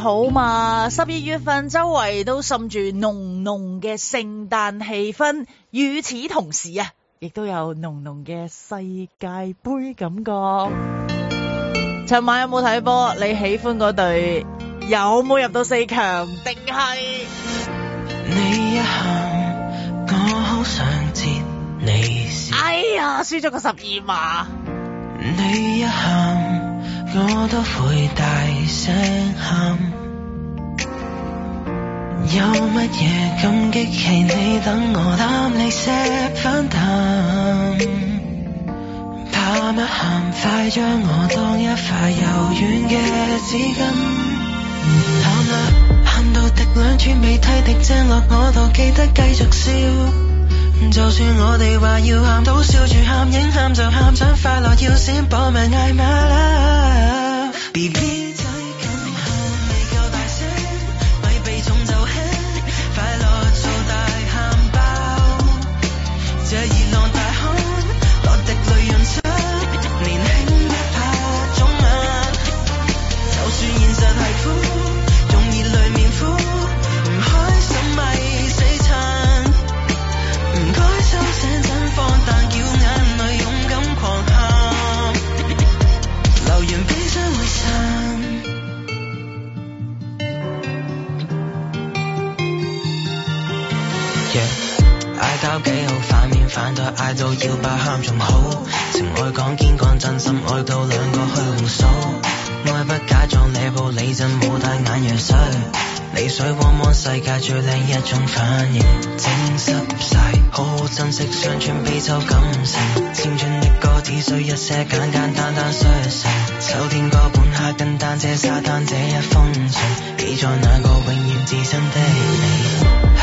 好嘛，十二月份周圍都滲住濃濃嘅聖誕氣氛，與此同時啊，亦都有濃濃嘅世界杯感覺。尋 晚有冇睇波？你喜歡嗰隊有冇入到四強？定係？哎呀，輸咗個十二碼！你一我都會大聲喊，有乜嘢咁激氣？你等我攬你錫返啖，怕乜喊？快將我當一塊柔軟嘅紙巾，喊啊喊到滴兩串，未涕滴正落，我度記得繼續笑。就算我哋話要喊到笑住喊，應喊就喊，想快樂要先搏命，嗌埋啦。 要把喊仲好，情愛講堅講真心，愛到兩個去互數。愛不假裝你抱，你真冇戴眼藥水，淚水汪汪世界最靚一種反應，整濕晒。好好珍惜相全悲秋感情，青春的歌只需一些簡簡單單舒適。秋天哥本哈根單車沙灘這一封信，寄在那個永遠至真的你。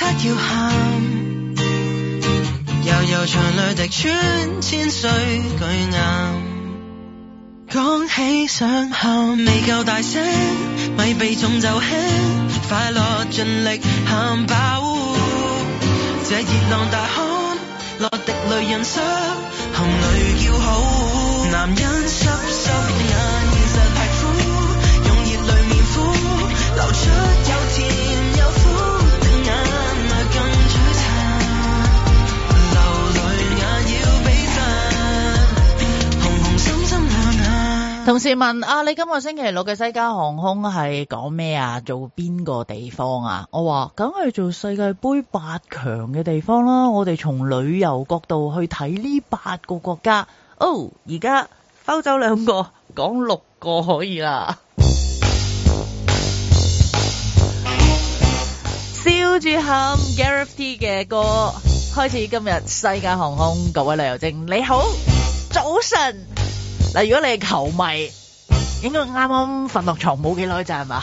七要喊，悠悠長淚滴穿千歲巨岩。講起想喊，未夠大聲，咪避重就輕，快樂盡力喊飽。這熱浪大汗，落滴淚人傷，含淚叫好。男人濕濕眼，現實太苦，用熱淚面敷流出。同事問啊，你今個星期六嘅西加航空係講咩啊？做邊個地方啊？我話梗係做世界杯八強嘅地方啦。我哋從旅遊角度去睇呢八個國家。哦，而家歐走兩個講六個可以啦。笑住喊 Gareth T 嘅歌，開始今日西加航空，各位旅遊精，你好，早晨。嗱，如果你係球迷，應該啱啱瞓落床冇幾耐咋係嘛？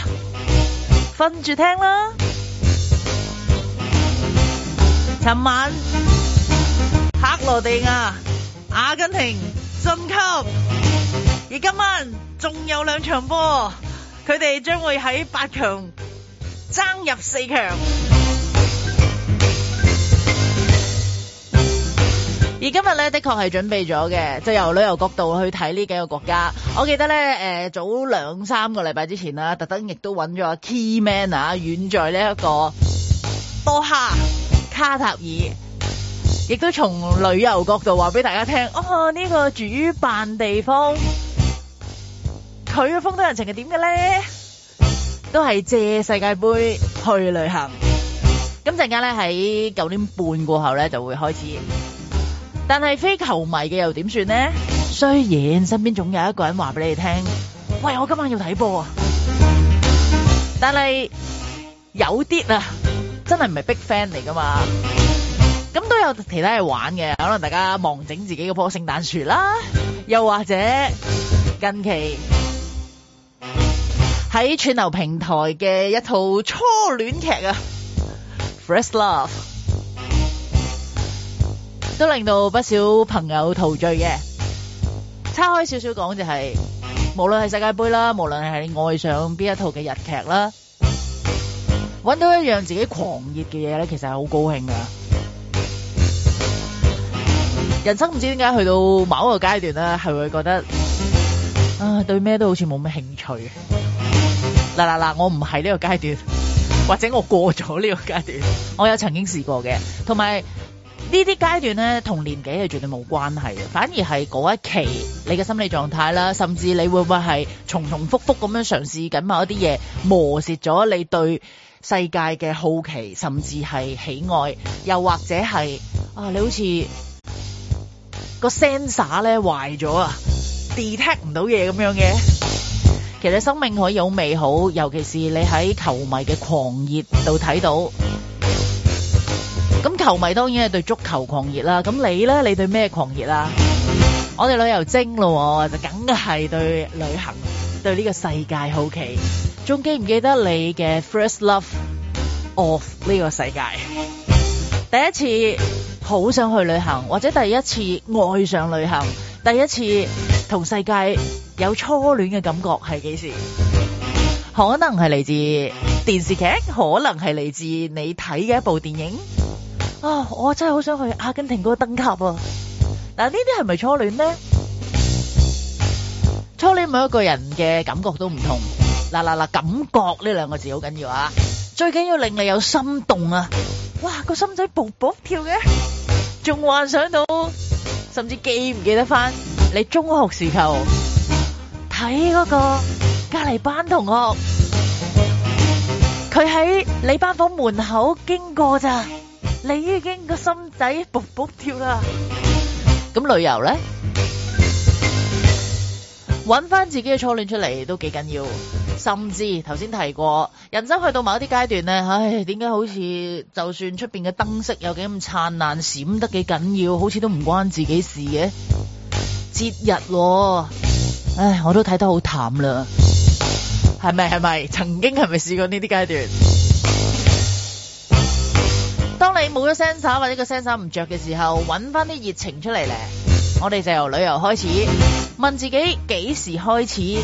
瞓住聽啦。尋晚克羅地亞、阿根廷晉級，而今晚仲有兩場波，佢哋將會喺八強爭入四強。而今日咧的確係準備咗嘅，就由旅遊角度去睇呢幾個國家。我記得咧，誒、呃、早兩三個禮拜之前啦，特登亦都揾咗阿 Key Man 啊，遠在呢一個多哈卡塔爾，亦都從旅遊角度話俾大家聽，哦呢、這個主辦地方，佢嘅風土人情係點嘅咧，都係借世界杯去旅行。咁陣間咧喺九點半過後咧就會開始。但係非球迷嘅又點算呢？雖然身邊總有一個人話俾你哋聽，喂我今晚要睇波啊！但係有啲啊，真係唔係 Big Fan 嚟噶嘛？咁都有其他嘢玩嘅，可能大家忙整自己嗰棵聖誕樹啦，又或者近期喺串流平台嘅一套初戀劇啊，First Love。都令到不少朋友陶醉嘅。差開少少講就係，無論係世界盃啦，無論係愛上邊一套嘅日劇啦，搵到一樣自己狂熱嘅嘢咧，其實係好高興㗎。人生唔知點解去到某一個階段咧，係會覺得啊，對咩都好似冇咩興趣。嗱嗱嗱，我唔係呢個階段，或者我過咗呢個階段。我有曾經試過嘅，同埋。這些階呢啲階段咧，同年紀係絕對冇關係嘅，反而係嗰一期你嘅心理狀態啦，甚至你會唔會係重重複複咁樣嘗試緊某一啲嘢，磨蝕咗你對世界嘅好奇，甚至係喜愛，又或者係啊你好似個 sensor 咧壞咗啊，detect 唔到嘢咁樣嘅。其實生命可以好美好，尤其是你喺球迷嘅狂熱度睇到。咁球迷當然係對足球狂熱啦，咁你呢？你對咩狂熱啊？我哋旅遊精咯，就梗係對旅行，對呢個世界好奇。仲記唔記得你嘅 first love of 呢個世界？第一次好想去旅行，或者第一次愛上旅行，第一次同世界有初戀嘅感覺係幾時？可能係嚟自電視劇，可能係嚟自你睇嘅一部電影。啊！我真係好想去阿根廷嗰個燈塔啊！嗱，呢啲係咪初戀咧？初戀每一個人嘅感覺都唔同。嗱嗱嗱，感覺呢兩個字好緊要啊！最緊要令你有心動啊！哇，個心仔卜卜跳嘅，仲幻想到，甚至記唔記得翻你中學時候睇嗰個隔籬班同學，佢喺你班房門口經過咋？你已經個心仔噗噗跳啦！咁旅遊咧，搵翻自己嘅初戀出嚟都幾緊要。甚至頭先提過，人生去到某一啲階段咧，唉，點解好似就算出邊嘅燈飾有幾咁燦爛，閃得幾緊要，好似都唔關自己事嘅？節日，唉，我都睇得好淡啦。係咪係咪？曾經係咪試過呢啲階段？當你冇咗 sensor 或者個 sensor 唔著嘅時候，搵翻啲熱情出嚟咧。我哋就由旅遊開始，問自己幾時開始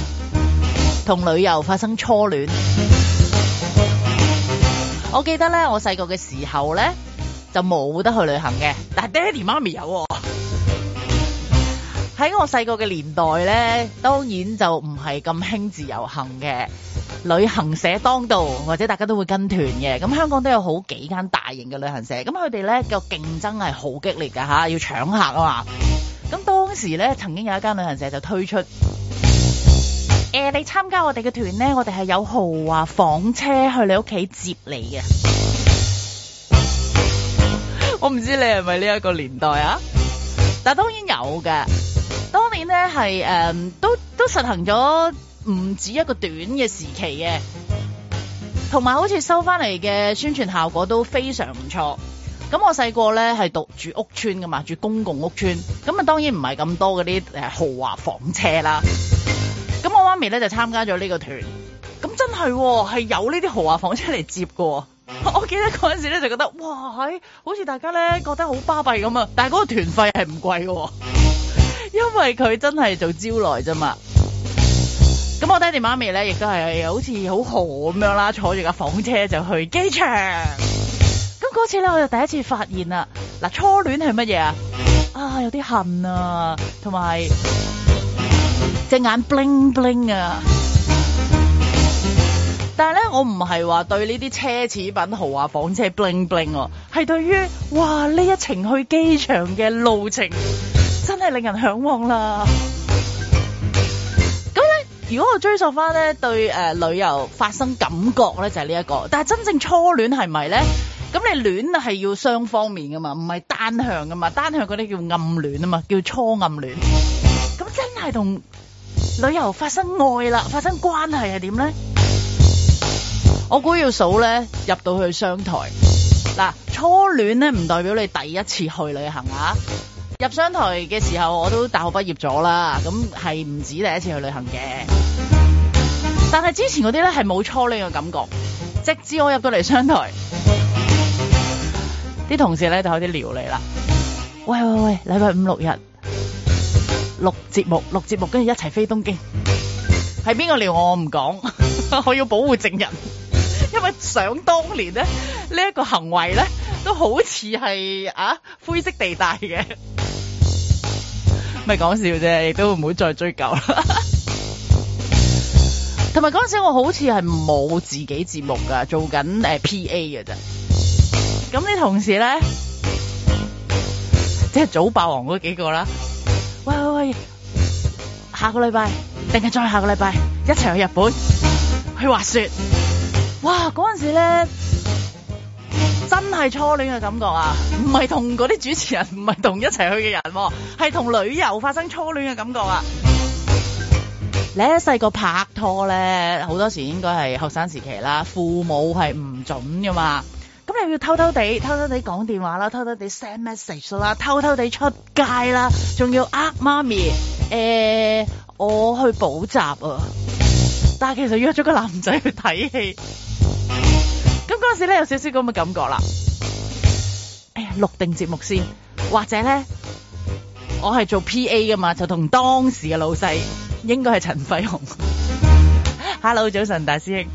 同旅遊發生初戀。我記得咧，我細個嘅時候咧就冇得去旅行嘅，但係爹哋媽咪有喎，哦。喺我細個嘅年代咧，當然就唔係咁興自由行嘅。旅行社當道，或者大家都會跟團嘅，咁香港都有好幾間大型嘅旅行社，咁佢哋咧個競爭係好激烈㗎，吓、啊，要搶客啊嘛。咁當時咧曾經有一間旅行社就推出，誒、呃、你參加我哋嘅團咧，我哋係有豪華房車去你屋企接你嘅。我唔知你係咪呢一個年代啊，但當當然有嘅，當年咧係誒都都實行咗。唔止一個短嘅時期嘅，同埋好似收翻嚟嘅宣傳效果都非常唔錯。咁我細個咧係讀住屋村噶嘛，住公共屋村。咁啊當然唔係咁多嗰啲誒豪華房車啦。咁我媽咪咧就參加咗呢個團，咁真係係、哦、有呢啲豪華房車嚟接噶、哦。我記得嗰陣時咧就覺得哇，好似大家咧覺得好巴閉咁啊，但係嗰個團費係唔貴噶、哦， 因為佢真係做招來啫嘛。咁我爹哋媽咪咧，亦都係好似好豪咁樣啦，坐住架房車就去機場。咁嗰次咧，我就第一次發現啦，嗱，初戀係乜嘢啊？啊，有啲痕啊，同埋隻眼 bling bling 啊！但係咧，我唔係話對呢啲奢侈品豪華房車 bling bling，係、啊、對於哇呢一程去機場嘅路程，真係令人向往啦！如果我追溯翻咧，對誒、呃、旅遊發生感覺咧，就係呢一個。但係真正初戀係咪咧？咁你戀係要雙方面噶嘛，唔係單向噶嘛，單向嗰啲叫暗戀啊嘛，叫初暗戀。咁真係同旅遊發生愛啦，發生關係係點咧？我估要數咧，入到去商台。嗱，初戀咧唔代表你第一次去旅行啊。入商台嘅時候，我都大學畢業咗啦，咁係唔止第一次去旅行嘅，但係之前嗰啲咧係冇初戀嘅感覺，直至我入到嚟商台，啲同事咧就開始撩你啦，喂喂喂，禮拜五六日錄節目錄節目，跟住一齊飛東京，係邊個撩我，我唔講，我要保護證人。因為想當年咧，呢一個行為咧都好似係啊灰色地帶嘅，咪講笑啫，亦都唔會再追究啦。同埋嗰陣時，我好似係冇自己節目噶，做緊誒 P A 嘅啫。咁你同事咧，即係早霸王嗰幾個啦。喂喂喂，下個禮拜定係再下個禮拜一齊去日本去滑雪？哇！嗰陣時咧，真係初戀嘅感覺啊，唔係同嗰啲主持人，唔係同一齊去嘅人、啊，係同旅遊發生初戀嘅感覺啊！你一細個拍拖咧，好多時應該係學生時期啦，父母係唔准噶嘛，咁又要偷偷地、偷偷地講電話啦，偷偷地 send message 啦，偷偷地出街啦，仲要呃媽咪，誒、欸，我去補習啊，但係其實約咗個男仔去睇戲。咁嗰陣時咧，有少少咁嘅感覺啦，哎錄定節目先，或者咧我係做 P A 噶嘛，就同當時嘅老細，應該係陳輝雄。 Hello 早晨大師兄，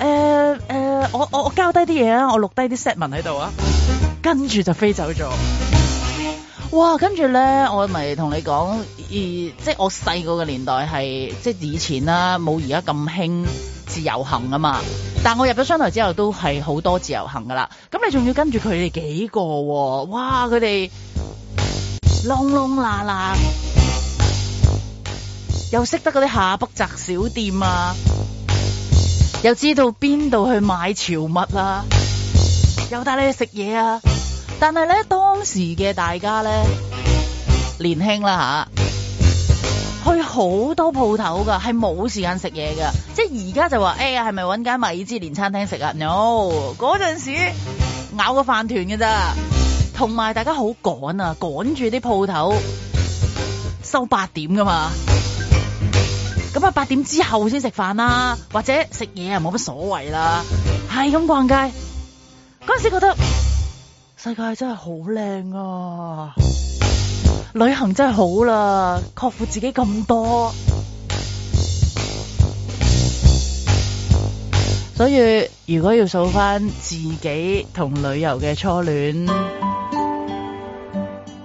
誒、uh, 誒、uh，我我交低啲嘢啊，我錄低啲 set 文喺度啊，跟住就飛走咗。哇，跟住咧，我咪同你講，而即係我細個嘅年代係即係以前啦，冇而家咁興自由行啊嘛。但係我入咗商台之後，都係好多自由行噶啦。咁你仲要跟住佢哋幾個、哦？哇，佢哋啷啷喇喇，又識得嗰啲下北澤小店啊，又知道邊度去買潮物啦、啊、又帶你去食嘢啊。但係咧，當時嘅大家咧年輕啦吓、啊，去好多鋪頭噶，係冇時間食嘢噶。即係而家就話，哎呀，係咪揾間米芝蓮餐廳食啊？No，嗰陣時咬個飯團嘅咋。同埋大家好趕啊，趕住啲鋪頭收八點噶嘛。咁啊，八點之後先食飯啦，或者食嘢啊，冇乜所謂啦。係咁逛街，嗰陣時覺得。世界真係好靚啊！旅行真係好啦，擴闊自己咁多。所以如果要數翻自己同旅遊嘅初戀，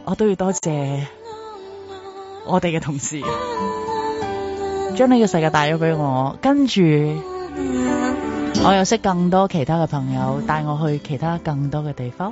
我都要多謝我哋嘅同事，將呢個世界帶咗俾我。跟住我又識更多其他嘅朋友，帶我去其他更多嘅地方。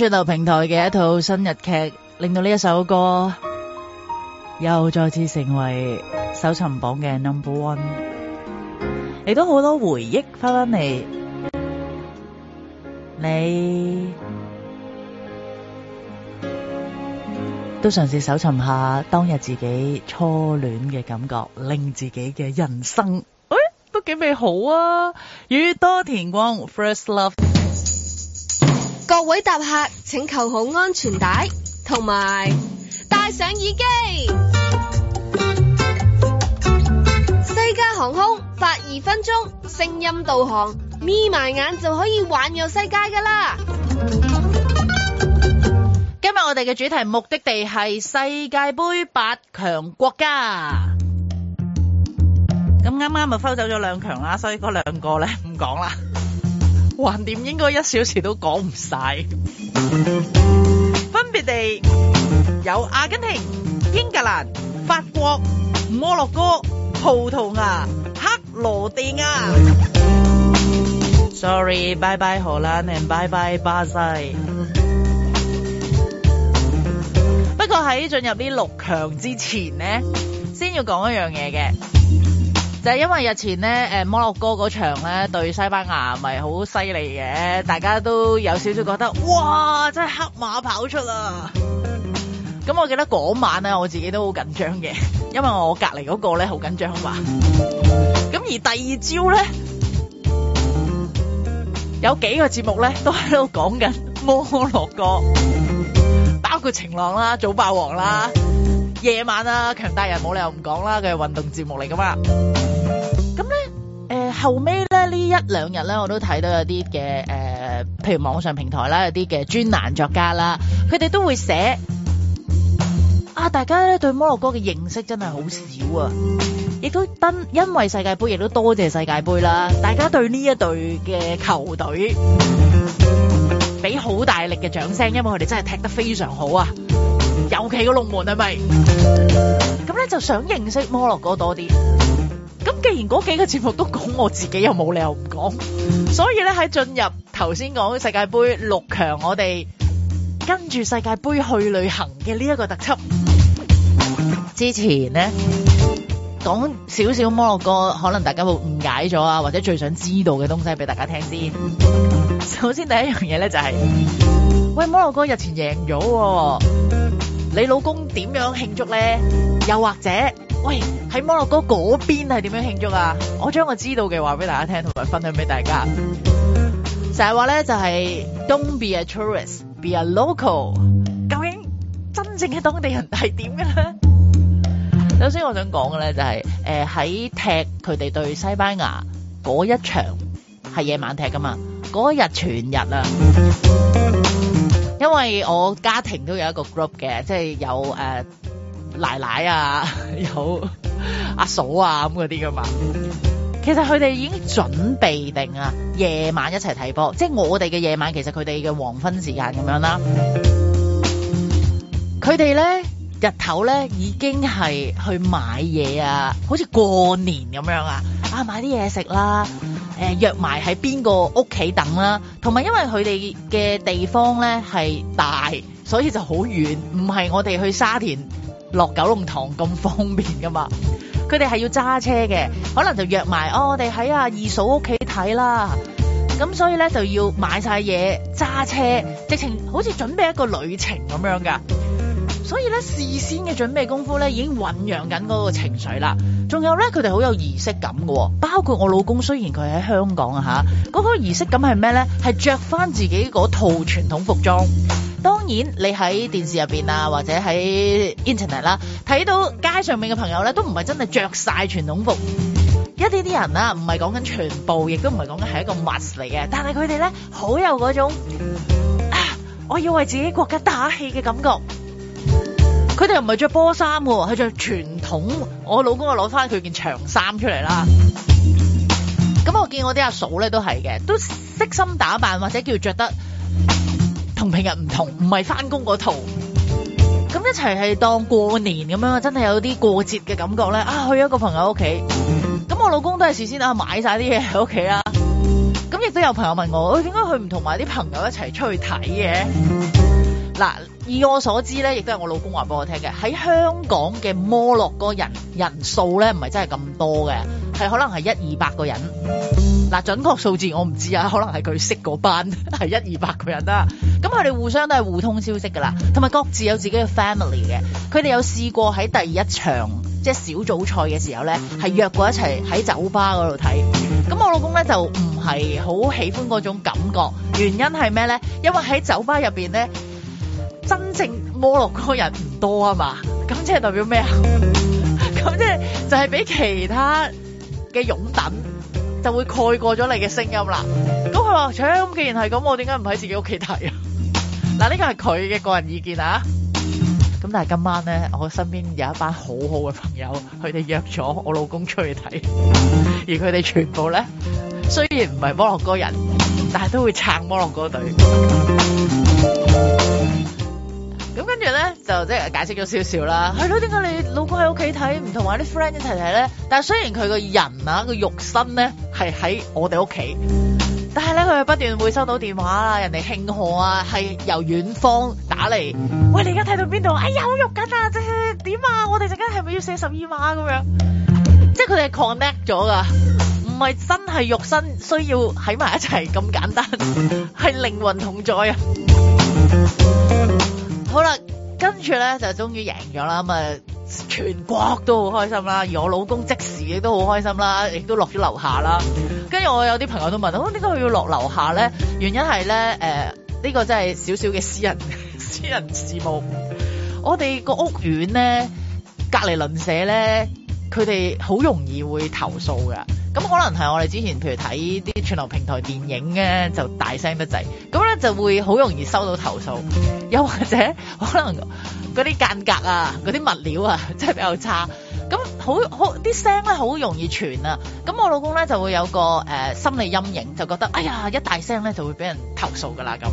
串流平台嘅一套新日劇，令到呢一首歌又再次成為搜尋榜嘅 Number One。你都好多回憶翻翻嚟，你都嘗試搜尋下當日自己初戀嘅感覺，令自己嘅人生誒、欸、都幾美好啊！宇多田光 First Love。各位搭客，請扣好安全帶，同埋戴上耳機。西加航空，發二分鐘，聲音導航，眯埋眼就可以環遊世界噶啦！今日我哋嘅主題目的地係世界杯八強國家。咁啱啱咪抽走咗兩強啦，所以嗰兩個咧唔講啦。橫掂應該一小時都講唔曬，分別地有阿根廷、英格蘭、法國、摩洛哥、葡萄牙、克羅地亞。Sorry，拜拜荷蘭，and 拜拜巴西。不過喺進入呢六強之前呢，先要講一樣嘢嘅。就係因為日前咧，誒摩洛哥嗰場咧對西班牙咪好犀利嘅，大家都有少少覺得，哇！真係黑馬跑出啦。咁我記得嗰晚咧，我自己都好緊張嘅，因為我隔離嗰個咧好緊張好嘛。咁而第二朝咧，有幾個節目咧都喺度講緊摩洛哥，包括晴朗啦、早霸王啦、夜晚啦、啊、強大人冇理由唔講啦，佢係運動節目嚟㗎嘛。後尾咧呢一兩日咧，我都睇到有啲嘅誒，譬如網上平台啦，有啲嘅專欄作家啦，佢哋都會寫啊，大家咧對摩洛哥嘅認識真係好少啊，亦都因因為世界盃，亦都多謝世界盃啦，大家對呢一隊嘅球隊俾好大力嘅掌聲，因為佢哋真係踢得非常好啊，尤其個龍門係咪？咁咧就想認識摩洛哥多啲。既然嗰幾個節目都講我自己，又冇理由唔講，所以咧，喺進入頭先講世界盃六強，強我哋跟住世界盃去旅行嘅呢一個特輯之前咧，講少少摩洛哥，可能大家會誤解咗啊，或者最想知道嘅東西俾大家聽先。首先第一樣嘢咧就係、是，喂，摩洛哥日前贏咗、哦，你老公點樣慶祝咧？又或者？喂，喺摩洛哥嗰邊係點樣慶祝啊？我將我知道嘅話俾大家聽，同埋分享俾大家。成日話咧就係、是、，Don't be a tourist, be a local。究竟真正嘅當地人係點嘅咧？首先我想講嘅咧就係、是，誒、呃、喺踢佢哋對西班牙嗰一場係夜晚踢噶嘛，嗰日全日啊。因為我家庭都有一個 group 嘅，即係有誒。呃奶奶啊，有阿嫂啊，咁嗰啲噶嘛。其實佢哋已經準備定啊，夜晚一齊睇波，即係我哋嘅夜晚，其實佢哋嘅黃昏時間咁樣啦。佢哋咧日頭咧已經係去買嘢啊，好似過年咁樣啊，啊買啲嘢食啦，誒約埋喺邊個屋企等啦，同埋因為佢哋嘅地方咧係大，所以就好遠，唔係我哋去沙田。落九龍塘咁方便噶嘛？佢哋係要揸車嘅，可能就約埋哦，我哋喺阿二嫂屋企睇啦。咁所以咧就要買晒嘢，揸車，直情好似準備一個旅程咁樣噶。所以咧，事先嘅準備功夫咧，已經醞釀緊嗰個情緒啦。仲有咧，佢哋好有儀式感喎，包括我老公，雖然佢喺香港啊吓，嗰個儀式感係咩咧？係着翻自己嗰套傳統服裝。當然，你喺電視入邊啊，或者喺 internet 啦，睇到街上面嘅朋友咧，都唔係真係着晒傳統服。一啲啲人啊，唔係講緊全部，亦都唔係講緊係一個 must 嚟嘅，但係佢哋咧，好有嗰種啊，我要為自己國家打氣嘅感覺。佢哋又唔係着波衫喎，係著傳統。我老公又攞翻佢件長衫出嚟啦。咁我見我啲阿嫂咧，都係嘅，都悉心打扮或者叫着得。同平日唔同，唔係翻工嗰套。咁一齊係當過年咁樣，真係有啲過節嘅感覺咧。啊，去一個朋友屋企，咁我老公都係事先啊買晒啲嘢喺屋企啦。咁亦都有朋友問我，點解佢唔同埋啲朋友一齊出去睇嘅？嗱，啊，以我所知咧，亦都係我老公話俾我聽嘅，喺香港嘅摩洛哥人人數咧，唔係真係咁多嘅。係可能係一二百個人，嗱，準確數字我唔知啊，可能係佢識嗰班係一二百個人啦。咁佢哋互相都係互通消息噶啦，同埋各自有自己嘅 family 嘅。佢哋有試過喺第一場即係小組賽嘅時候咧，係約過一齊喺酒吧嗰度睇。咁我老公咧就唔係好喜歡嗰種感覺，原因係咩咧？因為喺酒吧入邊咧，真正摩洛哥人唔多啊嘛，咁即係代表咩啊？咁即係就係俾其他。嘅擁躉就會蓋過咗你嘅聲音啦。咁佢話：「搶、欸，既然係咁，我點解唔喺自己屋企睇啊？」嗱，呢個係佢嘅個人意見啊。咁但係今晚咧，我身邊有一班好好嘅朋友，佢哋約咗我老公出去睇， 而佢哋全部咧，雖然唔係摩洛哥人，但係都會撐摩洛哥隊。 咁跟住咧就即係解釋咗少少啦，係咯？點解你老公喺屋企睇，唔同埋啲 friend 一齊睇咧？但係雖然佢個人啊個肉身咧係喺我哋屋企，但係咧佢係不斷會收到電話啊，人哋慶賀啊，係由遠方打嚟，喂你而家睇到邊度？哎呀好肉緊啊，即係點啊？我哋陣間係咪要寫十二碼咁樣？即係佢哋係 connect 咗噶，唔係真係肉身需要喺埋一齊咁簡單，係靈魂同在啊！好啦，跟住咧就終於贏咗啦，咁啊全國都好開心啦，而我老公即時亦都好開心啦，亦都落咗樓下啦。跟住我有啲朋友都問我，哦，點解要落樓下咧？原因係咧誒，呢個真係少少嘅私人私人事務。我哋個屋苑咧，隔離鄰舍咧，佢哋好容易會投訴㗎。咁可能係我哋之前譬如睇啲串流平台電影咧，就大聲得滯，咁咧就會好容易收到投訴，又或者可能嗰啲間隔啊、嗰啲物料啊，真係比較差。咁好好啲聲咧，好容易傳啊。咁我老公咧就會有個、呃、心理陰影，就覺得哎呀一大聲咧就會俾人投訴㗎啦咁。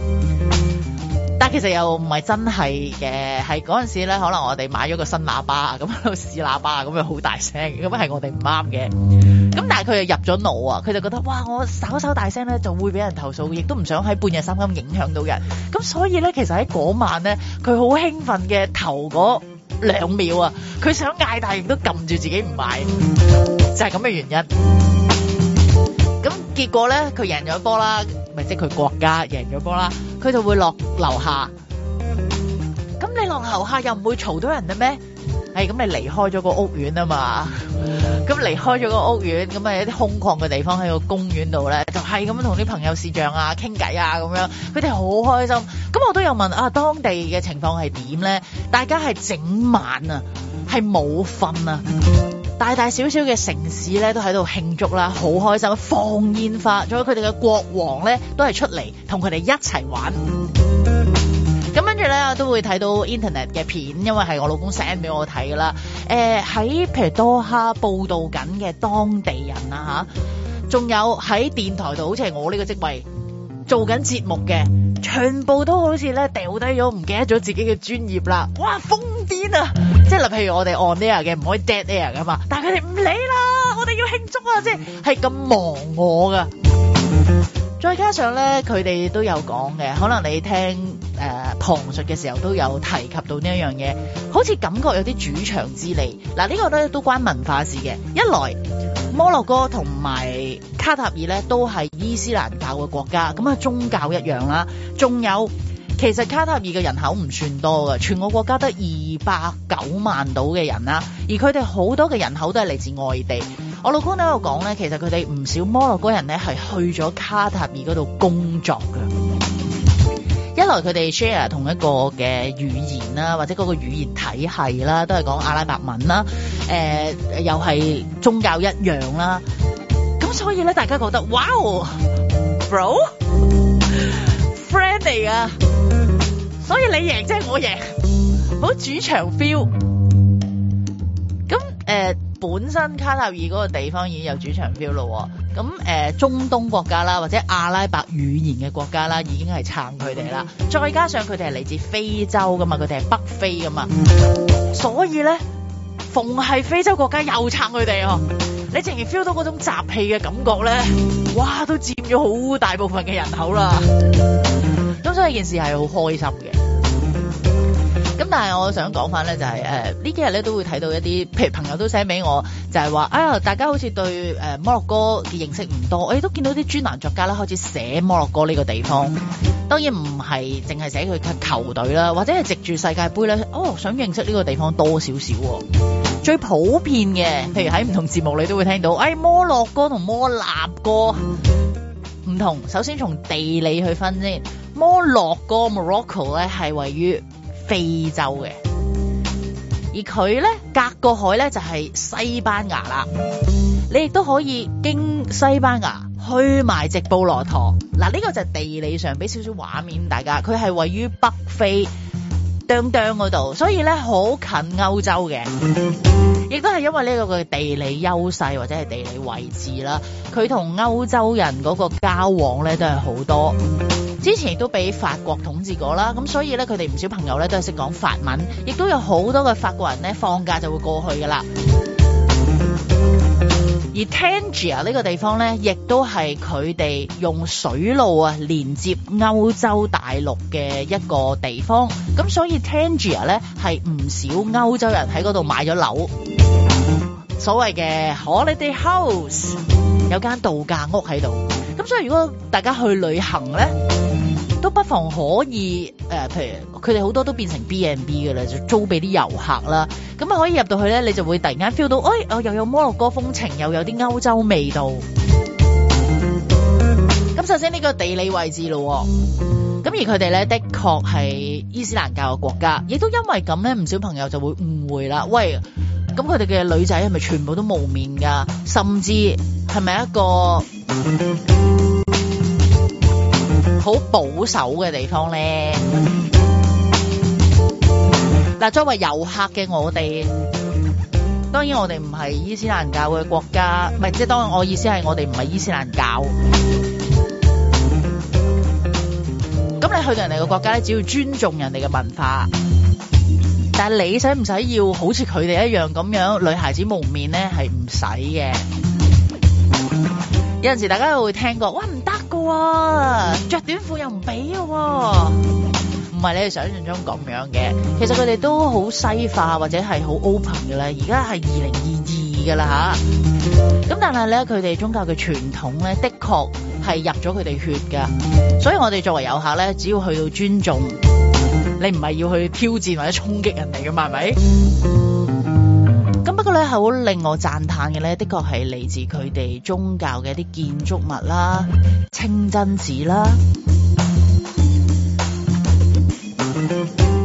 但係其實又唔係真係嘅，係嗰陣時咧可能我哋買咗個新喇叭，咁喺度試喇叭，咁咪好大聲，咁係我哋唔啱嘅。咁但係佢又入咗腦啊，佢就覺得哇，我稍稍大聲咧就會俾人投訴，亦都唔想喺半夜三更影響到人。咁所以咧，其實喺嗰晚咧，佢好興奮嘅頭嗰兩秒啊，佢想嗌，但係亦都撳住自己唔嗌，就係咁嘅原因。咁結果咧，佢贏咗波啦，咪即係佢國家贏咗波啦，佢就會落樓下。咁你落樓下又唔會嘈到人嘅咩？係咁，你離開咗個屋苑啊嘛，咁 離開咗個屋苑，咁啊一啲空曠嘅地方喺個公園度咧，就係咁同啲朋友視像啊、傾偈啊咁樣，佢哋好開心。咁我都有問啊，當地嘅情況係點咧？大家係整晚啊，係冇瞓啊，大大小小嘅城市咧都喺度慶祝啦、啊，好開心、啊，放煙花，仲有佢哋嘅國王咧都係出嚟同佢哋一齊玩。咁跟住咧，我都會睇到 internet 嘅片，因為係我老公 send 俾我睇噶啦。誒，喺譬如多哈報道緊嘅當地人啊嚇，仲有喺電台度，好似係我呢個職位做緊節目嘅，全部都好似咧掉低咗，唔記得咗自己嘅專業啦。哇，瘋癲啊！即係例如我哋 on air 嘅唔可以 dead air 噶嘛，但係佢哋唔理啦，我哋要慶祝啊，即係係咁忙我噶。再加上咧，佢哋都有講嘅，可能你聽誒旁述嘅時候都有提及到呢一樣嘢，好似感覺有啲主場之利。嗱、啊，這個、呢個咧都關文化事嘅。一來摩洛哥同埋卡塔爾咧都係伊斯蘭教嘅國家，咁啊宗教一樣啦。仲有其實卡塔爾嘅人口唔算多嘅，全個國家得二百九萬度嘅人啦，而佢哋好多嘅人口都係嚟自外地。我老公都喺度講咧，其實佢哋唔少摩洛哥人咧係去咗卡塔爾嗰度工作噶，一來佢哋 share 同一個嘅語言啦，或者嗰個語言體係啦，都係講阿拉伯文啦，誒、呃、又係宗教一樣啦，咁所以咧大家覺得，哇、wow,，bro friend 嚟噶、so，所以你贏即係我贏，好主場 feel，咁誒。本身卡塔爾嗰個地方已經有主場 feel 咯，咁、呃、中東國家啦，或者阿拉伯語言嘅國家啦，已經係撐佢哋啦。再加上佢哋係嚟自非洲噶嘛，佢哋係北非噶嘛，所以咧，逢係非洲國家又撐佢哋哦。你竟然 feel 到嗰種雜氣嘅感覺咧，哇，都佔咗好大部分嘅人口啦。咁所以件事係好開心嘅。咁但係我想講翻咧，就係誒呢幾日咧都會睇到一啲，譬如朋友都寫俾我，就係話啊，大家好似對誒摩洛哥嘅認識唔多，我亦都見到啲專欄作家咧開始寫摩洛哥呢個地方，當然唔係淨係寫佢球隊啦，或者係藉住世界杯咧，哦想認識呢個地方多少少。最普遍嘅，譬如喺唔同節目你都會聽到，誒、哎、摩洛哥同摩納哥唔同。首先從地理去分先，摩洛哥 Morocco 咧係位於。非洲嘅，而佢呢隔個海呢，海就係西班牙啦，你亦都可以經西班牙去埋直布羅陀，嗱、這、呢個就係地理上俾少少畫面大家，佢係位於北非，當當嗰度，所以呢好近歐洲嘅，亦都係因為呢個嘅地理優勢或者係地理位置啦，佢同歐洲人嗰個交往呢，都係好多。之前亦都俾法國統治過啦，咁所以咧，佢哋唔少朋友咧都係識講法文，亦都有好多嘅法國人咧放假就會過去噶啦。而 Tangier 呢個地方咧，亦都係佢哋用水路啊連接歐洲大陸嘅一個地方，咁所以 Tangier 咧係唔少歐洲人喺嗰度買咗樓，所謂嘅 Holiday House 有間度假屋喺度，咁所以如果大家去旅行咧。都不妨可以誒、呃，譬如佢哋好多都變成 B and B 嘅啦，就租俾啲遊客啦。咁啊可以入到去咧，你就會突然間 feel 到，哎，我又有摩洛哥風情，又有啲歐洲味道。咁 首先呢個地理位置咯，咁而佢哋咧的確係伊斯蘭教嘅國家，亦都因為咁咧，唔少朋友就會誤會啦。喂，咁佢哋嘅女仔係咪全部都冇面噶？甚至係咪一個？好保守嘅地方咧，嗱，作為遊客嘅我哋，當然我哋唔係伊斯蘭教嘅國家，唔係即係當然我意思係我哋唔係伊斯蘭教。咁你去到人哋嘅國家咧，只要尊重人哋嘅文化，但係你使唔使要好似佢哋一樣咁樣女孩子蒙面咧？係唔使嘅。有陣時大家都會聽過，哇唔得！哇，着短褲又唔俾喎，唔係你哋想象中咁樣嘅，其實佢哋都好西化或者係好 open 嘅啦，而家係二零二二嘅啦吓？咁但係咧，佢哋宗教嘅傳統咧，的確係入咗佢哋血㗎，所以我哋作為遊客咧，只要去到尊重，你唔係要去挑戰或者衝擊人哋㗎嘛，係咪？咁不過咧，係好令我讚歎嘅咧，的確係嚟自佢哋宗教嘅一啲建築物啦、清真寺啦。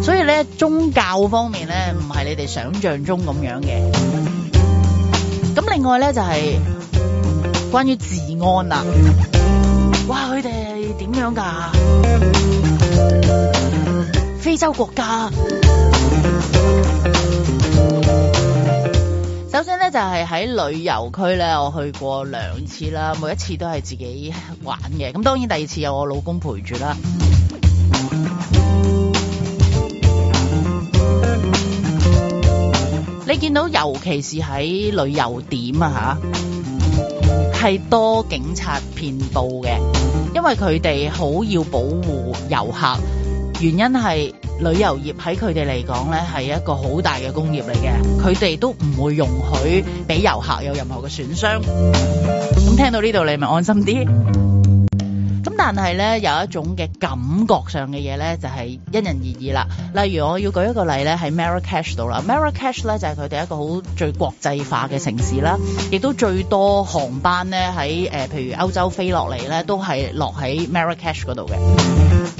所以咧，宗教方面咧，唔係你哋想象中咁樣嘅。咁另外咧，就係關於治安啊。哇，佢哋點樣噶？非洲國家。首先咧就係喺旅遊區咧，我去過兩次啦，每一次都係自己玩嘅。咁當然第二次有我老公陪住啦。 你見到尤其是喺旅遊點啊吓，係多警察遍布嘅，因為佢哋好要保護遊客，原因係。旅遊業喺佢哋嚟講咧，係一個好大嘅工業嚟嘅，佢哋都唔會容許俾遊客有任何嘅損傷。咁聽到呢度，你咪安心啲。但係咧有一種嘅感覺上嘅嘢咧，就係因人而異啦。例如我要舉一個例咧，喺 Marrakech 度啦。Marrakech 咧就係佢哋一個好最國際化嘅城市啦，亦都最多航班咧喺誒，譬如歐洲飛落嚟咧，都係落喺 Marrakech 嗰度嘅。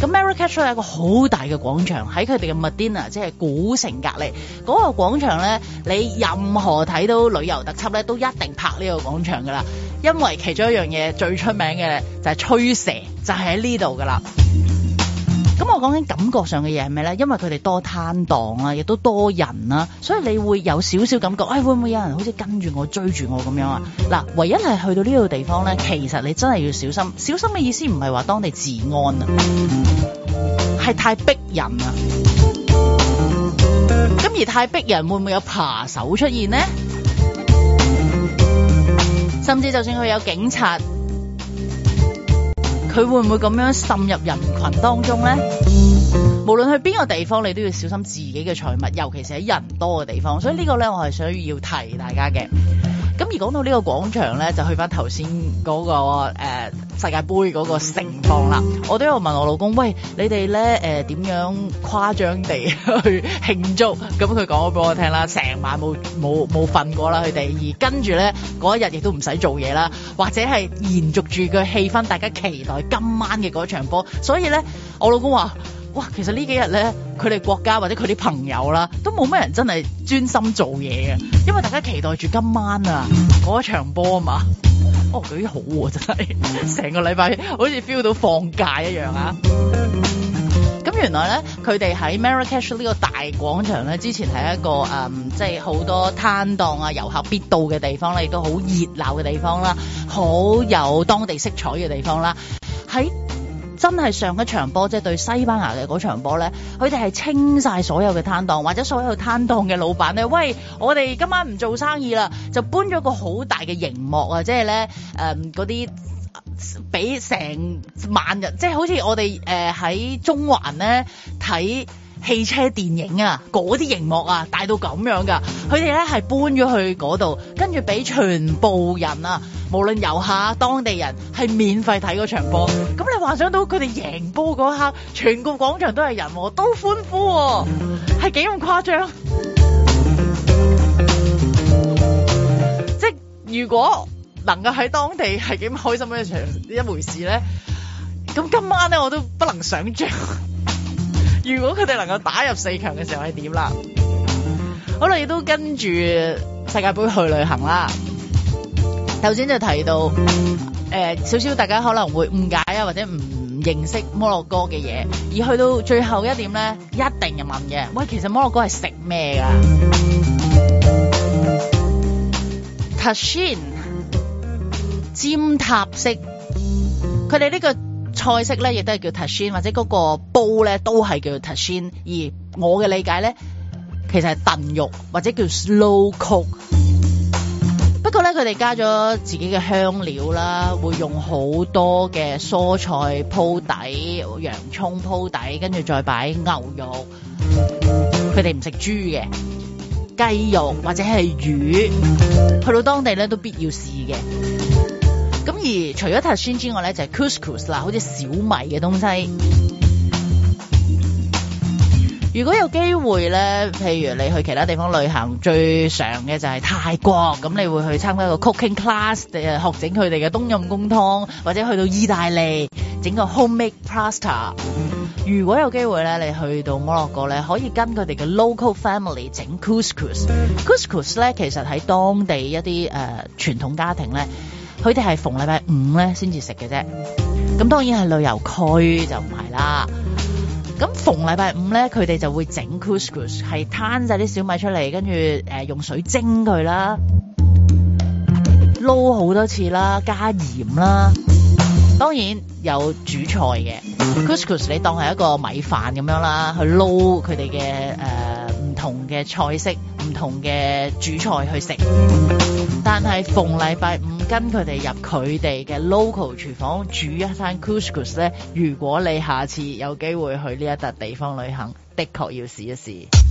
咁 Marrakech 咧係一個好大嘅廣場喺佢哋嘅 Medina，即係古城隔離嗰個廣場咧，你任何睇到旅遊特輯咧，都一定拍呢個廣場噶啦。因為其中一樣嘢最出名嘅就係吹蛇，就係喺呢度噶啦。咁我講緊感覺上嘅嘢係咩咧？因為佢哋多攤檔啦，亦都多人啦，所以你會有少少感覺，誒、哎，會唔會有人好似跟住我追住我咁樣啊？嗱，唯一係去到呢度地方咧，其實你真係要小心，小心嘅意思唔係話當地治安啊，係太逼人啊。咁而太逼人會唔會有扒手出現呢？甚至就算佢有警察，佢會唔會咁樣滲入人群當中呢？無論去邊個地方，你都要小心自己嘅財物，尤其是喺人多嘅地方。所以呢個呢，我係想要提大家嘅。咁而講到呢個廣場咧，就去翻頭先嗰個、呃、世界盃嗰個盛況啦。我都有問我老公：喂，你哋咧呃、點樣誇張地去慶祝？咁佢講咗俾我聽啦，成晚冇冇冇瞓過啦，佢哋而跟住咧嗰一日亦都唔使做嘢啦，或者係延續住個氣氛，大家期待今晚嘅嗰場波。所以咧，我老公話。哇，其實呢幾日咧，佢哋國家或者佢啲朋友啦，都冇咩人真係專心做嘢嘅，因為大家期待住今晚啊嗰場波啊嘛。哦，幾好喎、啊、真係，成個禮拜好似 feel 到放假一樣啊！咁 原來咧，佢哋喺 Marrakesh 呢個大廣場咧，之前係一個誒、嗯，即係好多攤檔啊、遊客必到嘅地方咧，亦都好熱鬧嘅地方啦，好有當地色彩嘅地方啦，喺。真係上一場波，即係對西班牙嘅嗰場波咧，佢哋係清晒所有嘅攤檔，或者所有攤檔嘅老闆咧。喂，我哋今晚唔做生意啦，就搬咗個好大嘅熒幕啊！即係咧，嗰啲俾成萬人，即係好似我哋呃喺中環咧睇汽車電影啊，嗰啲熒幕啊，大到咁樣㗎！佢哋咧係搬咗去嗰度，跟住俾全部人啊，無論遊客、當地人，係免費睇嗰場波。咁你幻想到佢哋贏波嗰刻，全個廣場都係人，啊，都歡呼，啊，係幾咁誇張？ 即係如果能夠喺當地係幾咁開心嘅一場一回事咧，咁今晚咧我都不能想像。如果佢哋能夠打入四強嘅時候係點啦？好啦，亦都跟住世界杯去旅行啦。頭先就提到，誒、呃、少少大家可能會誤解啊，或者唔認識摩洛哥嘅嘢。而去到最後一點咧，一定係問嘅，喂，其實摩洛哥係食咩噶？塔鮮尖塔式，佢哋呢個。菜式咧亦都係叫 tajine，或者嗰個煲咧都係叫 tajine。而我嘅理解咧，其實係燉肉或者叫 slow cook。不過咧，佢哋加咗自己嘅香料啦，會用好多嘅蔬菜鋪底，洋葱鋪底，跟住再擺牛肉。佢哋唔食豬嘅雞肉或者係魚，去到當地咧都必要試嘅。而除咗 tagine 之外咧，就係、是、couscous 啦，好似小米嘅東西。如果有機會咧，譬如你去其他地方旅行，最常嘅就係泰國，咁你會去參加一個 cooking class，誒學整佢哋嘅冬陰功湯，或者去到意大利整個 home make pasta。如果有機會咧，你去到摩洛哥咧，可以跟佢哋嘅 local family 整 couscous。couscous 咧，其實喺當地一啲誒、呃、傳統家庭咧。佢哋係逢禮拜五咧先至食嘅啫，咁當然係旅遊區就唔係啦。咁逢禮拜五咧，佢哋就會整 couscous，係攤曬啲小米出嚟，跟住誒用水蒸佢啦，撈好多次啦，加鹽啦。當然有煮菜嘅 couscous，你當係一個米飯咁樣啦，去撈佢哋嘅誒唔同嘅菜式。同嘅主菜去食，但係逢禮拜五跟佢哋入佢哋嘅 local 廚房煮一餐 couscous 咧。如果你下次有機會去呢一笪地方旅行，的確要試一試。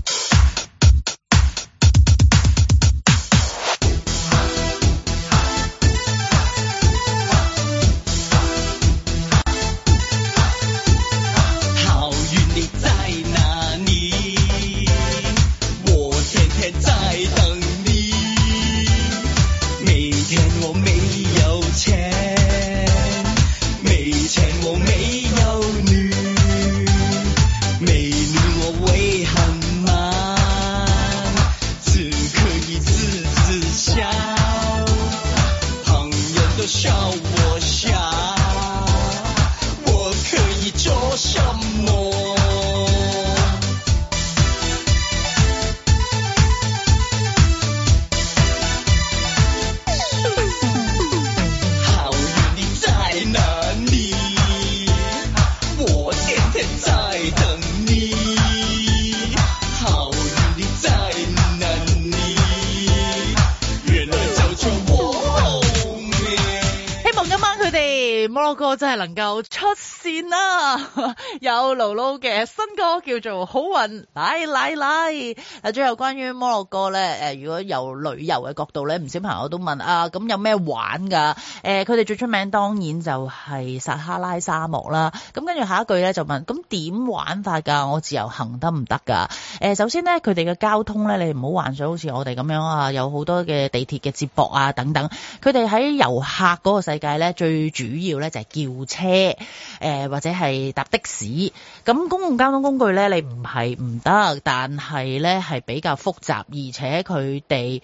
有勞勞嘅新歌叫做《好運來來來》。啊，最後關於摩洛哥咧、呃，如果由旅遊嘅角度咧，唔少朋友都問啊，咁有咩玩噶？佢、呃、哋最出名當然就係撒哈拉沙漠啦。咁、啊、跟住下一句咧就問，咁、啊、點玩法噶？我自由行得唔得噶？首先呢，佢哋嘅交通咧，你唔好幻想好似我哋咁樣啊，有好多嘅地鐵嘅接駁啊等等。佢哋喺遊客嗰個世界咧，最主要咧就係叫車，呃、或者係的士咁公共交通工具咧，你唔係唔得，但係咧係比較複雜，而且佢哋。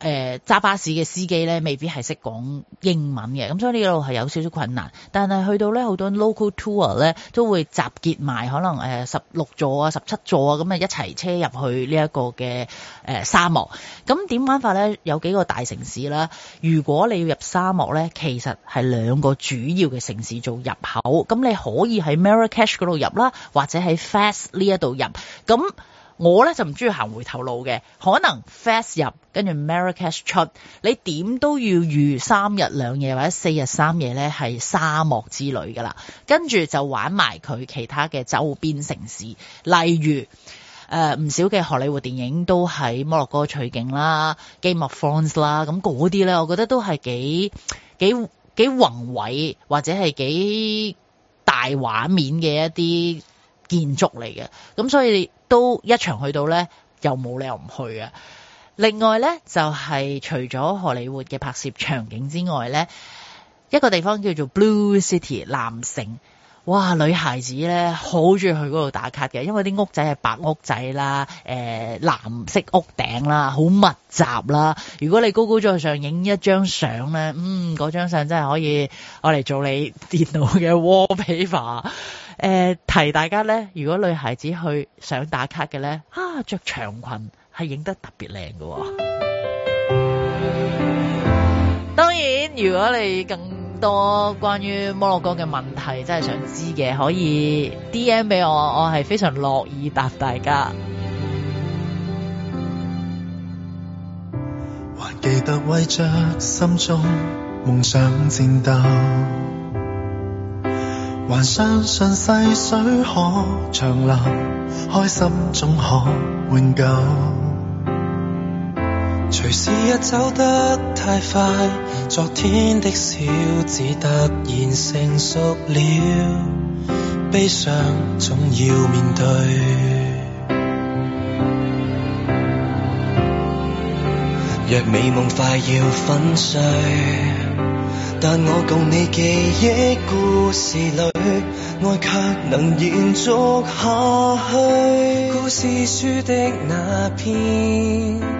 誒揸、呃、巴士嘅司機咧，未必係識講英文嘅，咁所以呢度係有少少困難。但係去到咧，好多 local tour 咧都會集結埋，可能誒十六座啊、十七座啊，咁啊一齊車入去呢一個嘅誒、呃、沙漠。咁點玩法咧？有幾個大城市啦。如果你要入沙漠咧，其實係兩個主要嘅城市做入口。咁你可以喺 Marrakech 嗰度入啦，或者喺 Fes 呢一度入。咁我咧就唔中意行回頭路嘅，可能 Fast 入跟住 Marrakesh 出，你點都要預三日兩夜或者四日三夜咧係沙漠之旅㗎啦，跟住就玩埋佢其他嘅周邊城市，例如誒唔、呃、少嘅荷里活電影都喺摩洛哥取景啦，Game of Thrones 啦，咁嗰啲咧我覺得都係幾幾幾宏偉或者係幾大畫面嘅一啲建築嚟嘅，咁所以都一場去到咧，又冇理由唔去啊。另外咧，就係、是、除咗荷里活嘅拍攝場景之外咧，一個地方叫做 Blue City 藍城。哇，女孩子咧好中意去嗰度打卡嘅，因為啲屋仔係白屋仔啦，誒、呃、藍色屋頂啦，好密集啦。如果你高高在上影一張相咧，嗯，嗰張相真係可以我嚟,做你電腦嘅 wallpaper。誒、呃，提大家咧，如果女孩子去想打卡嘅咧，啊，着長裙係影得特別靚喎。當然，如果你更多關於摩洛哥嘅問題，真係想知嘅可以 DM 俾我，我係非常樂意答大家。還記得為着心中夢想戰鬥，還相信細水可長流，開心總可永久。隨時日走得太快，昨天的小子突然成熟了，悲傷總要面對。若美夢快要粉碎，但我共你記憶故事裏，愛卻能延續下去。故事書的那篇。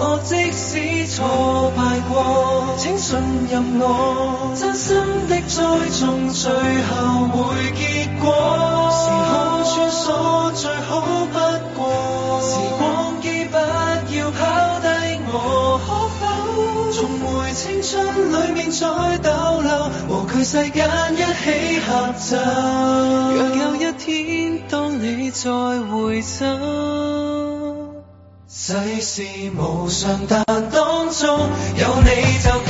我即使挫敗過，請信任我，真心的栽種，最後會結果。時空穿梭最好不過，時光機不要拋低我，可否重回青春裏面再逗留，和佢世間一起合奏。若有一天當你再回首。世事無常，但當中有你就。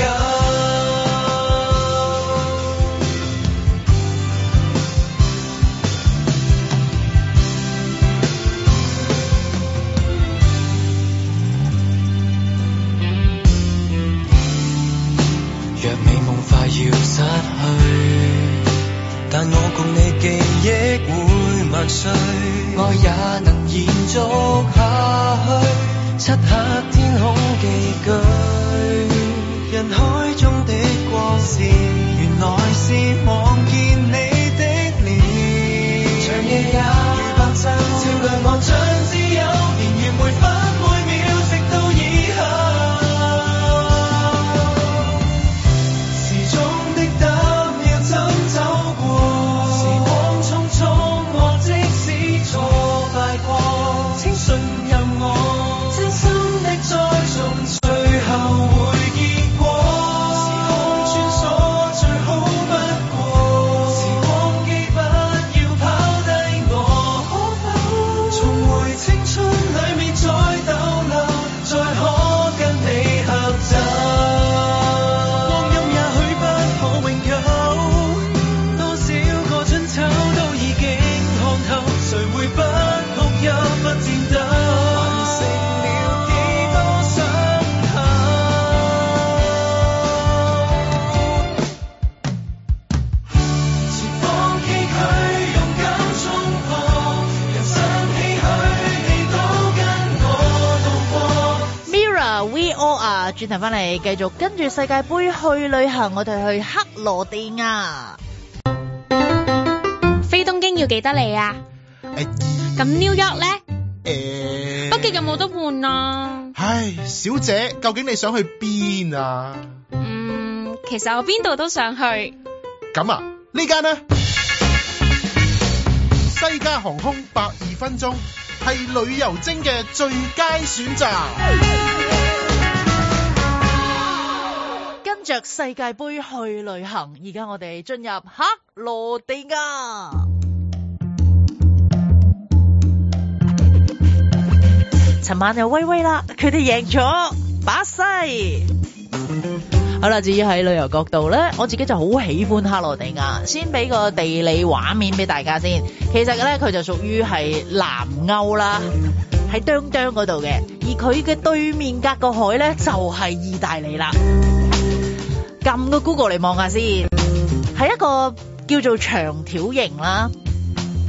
漆黑天空寄居，人海中的光線，原來是我。轉頭翻嚟繼續跟住世界杯去旅行，我哋去克羅地亞，飛東京要記得你啊。咁 New York 咧？誒，哎、北京有冇得換啊？唉，小姐，究竟你想去邊啊？嗯，其實我邊度都想去。咁啊，呢間呢？西加航空百二分鐘係旅遊精嘅最佳選擇。跟着世界杯去旅行，而家我哋進入克羅地亞。尋晚又威威啦，佢哋贏咗巴西。好啦，至於喺旅遊角度咧，我自己就好喜歡克羅地亞。先俾個地理畫面俾大家先，其實咧佢就屬於係南歐啦，喺央央嗰度嘅，而佢嘅對面隔個海咧就係意大利啦。撳個 Google 嚟，望下先，係一個叫做長條型啦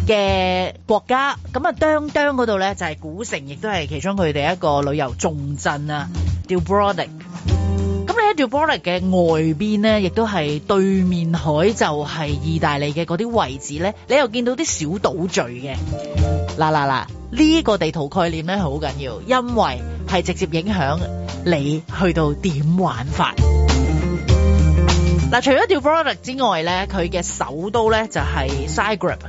嘅國家，咁啊，哚哚嗰度咧就係古城，亦都係其中佢哋一個旅遊重鎮啊，Dubrovnik。咁你喺 Dubrovnik 嘅外邊咧，亦都係對面海就係意大利嘅嗰啲位置咧，你又見到啲小島嶼嘅。嗱嗱嗱，呢個地圖概念咧好緊要，因為係直接影響你去到點玩法。嗱，除咗條 product 之外咧，佢嘅首都咧就係 Zagreb，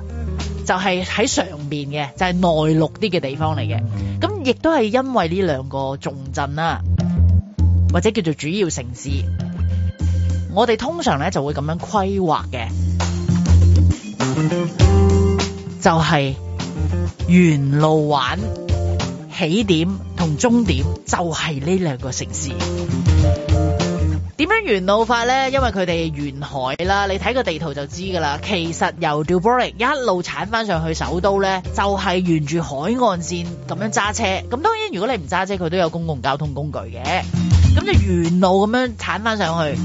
就係喺上邊嘅，就係、是、內陸啲嘅地方嚟嘅。咁亦都係因為呢兩個重鎮啦，或者叫做主要城市，我哋通常咧就會咁樣規劃嘅，就係、是、沿路玩，起點同終點就係呢兩個城市。點樣沿路法咧？因為佢哋沿海啦，你睇個地圖就知噶啦。其實由 Djibouti 一路鏟翻上去首都咧，就係沿住海岸線咁樣揸車。咁當然，如果你唔揸車，佢都有公共交通工具嘅。咁就沿路咁樣鏟翻上去。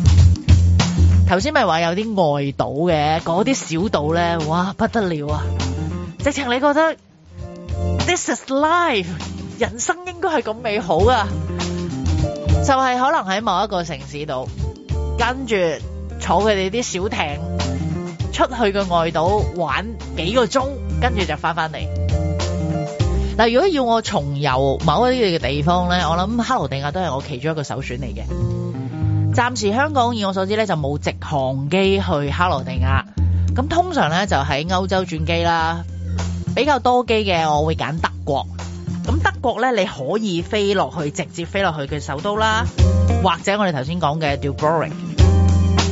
頭先咪話有啲外島嘅，嗰啲小島咧，哇不得了啊！直情你覺得 This is life，人生應該係咁美好啊！就係可能喺某一個城市度，跟住坐佢哋啲小艇出去個外島玩幾個鐘，跟住就翻翻嚟。嗱，如果要我重遊某一啲嘅地方呢，我諗克羅地亞都係我其中一個首選嚟嘅。暫時香港以我所知呢，就冇直航機去克羅地亞，咁通常呢，就喺歐洲轉機啦，比較多機嘅我會揀德國。咁德國咧，你可以飛落去，直接飛落去佢首都啦，或者我哋頭先講嘅 Dubrovnik。